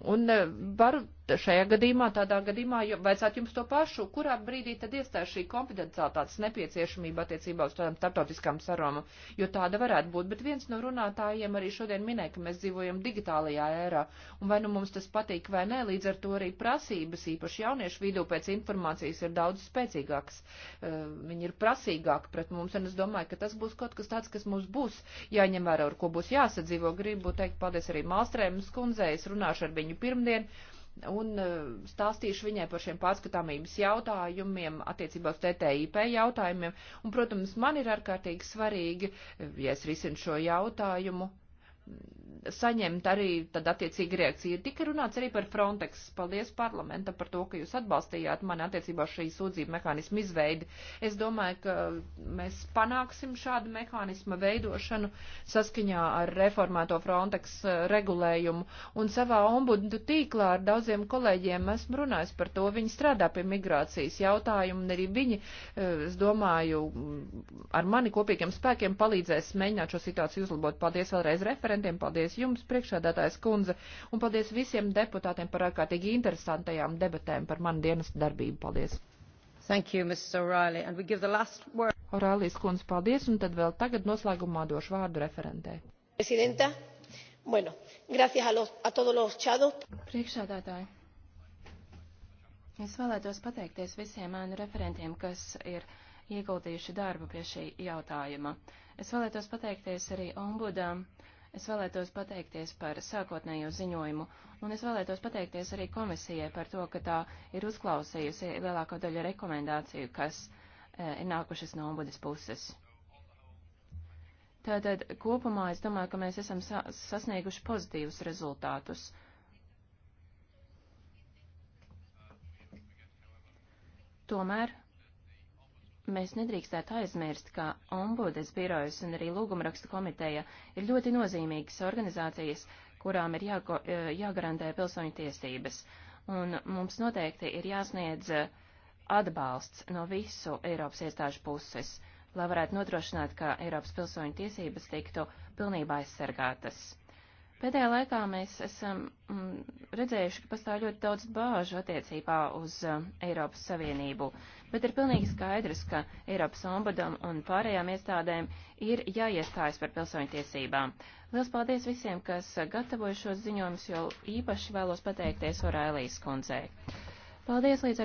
Un e, varu šajā gadījumā, tādā gadījumā, vajadzētu jums to pašu, kurā brīdī tad iestājas šī konfidencialitātes nepieciešamība attiecībā uz tādām starptautiskām sarunām, jo tāda varētu būt. Bet viens no runātājiem arī šodien minēja, ka mēs dzīvojam digitālajā ērā, un vai nu mums tas patīk vai nē, līdz ar to arī arī prasības, īpaši jauniešu vidū pēc informācijas, ir daudz spēcīgākas. Eh, viņi ir prasīgāki pret mums, un es domāju, ka tas būs kaut kas tāds, kas mums būs jāņem vērā, ar ko būs jāsadzīvo. Gribu teikt paldies arī Mālstrēmas kundzei, es runāšu ar viņu pirmdien un eh, stāstīšu viņai par šiem pārskatāmības jautājumiem, attiecībā uz TTIP jautājumiem. Un, protams, man ir ārkārtīgi svarīgi, eh, ja es risinu šo jautājumu, saņemt arī tad attiecīgi reakciju. Tika runāts arī par Frontex. Paldies parlamenta par to, ka jūs atbalstījāt mani attiecībā šī sūdzību mehānismu izveidi. Es domāju, ka mēs panāksim šādu mehānismu veidošanu saskaņā ar reformēto Frontex eh, regulējumu. Un savā ombudu tīklā ar daudziem kolēģiem esmu runājis par to. Viņi strādā pie migrācijas jautājumu un arī viņi, eh, es domāju, ar mani kopīgiem spēkiem palīdzēs mēģināt šo situāciju uzlabot. Paldies vēlreiz referentam referentiem, paldies jums, priekšādātājs kundze, un paldies visiem deputātiem par ārkārtīgi interesantajām debatēm par manu dienas darbību. Paldies!
Thank you, Mrs. O'Reilly, and we give the last word.
O'Reilly's kundze, paldies, un tad vēl tagad noslēgumā došu vārdu referentē.
Presidenta, bueno, gracias a, los, a todos los chados. Priekšādātāji. Es vēlētos pateikties visiem ēnu referentiem, kas ir ieguldījuši darbu pie šī jautājuma. Es vēlētos pateikties arī ombudām Es vēlētos pateikties par sākotnējo ziņojumu, un es vēlētos pateikties arī komisijai par to, ka tā ir uzklausījusi lielāko daļu rekomendāciju, kas e, ir nākušas no ombudas puses. Tātad kopumā es domāju, ka mēs esam sa sasnieguši pozitīvus rezultātus. Tomēr mēs nedrīkstētu aizmirst, ka ombudes birojas un arī lūgumrakstu komiteja ir ļoti nozīmīgas organizācijas, kurām ir jāko, e, jāgarantē pilsoņu tiesības. Un mums noteikti ir jāsniedz e, atbalsts no visu Eiropas iestāžu puses, lai varētu nodrošināt, ka Eiropas pilsoņu tiesības tiktu pilnībā aizsargātas. Pēdējā laikā mēs esam mm, redzējuši, ka pastāv ļoti daudz bāžu attiecībā uz eh, Eiropas Savienību, bet ir pilnīgi skaidrs, ka Eiropas ombudam un pārējām iestādēm ir jāiestājas par pilsoņu tiesībām. Lielas paldies visiem, kas eh, gatavoja šos ziņojumus, jo īpaši vēlos pateikties Orēlijas kundzei. Paldies līdz ar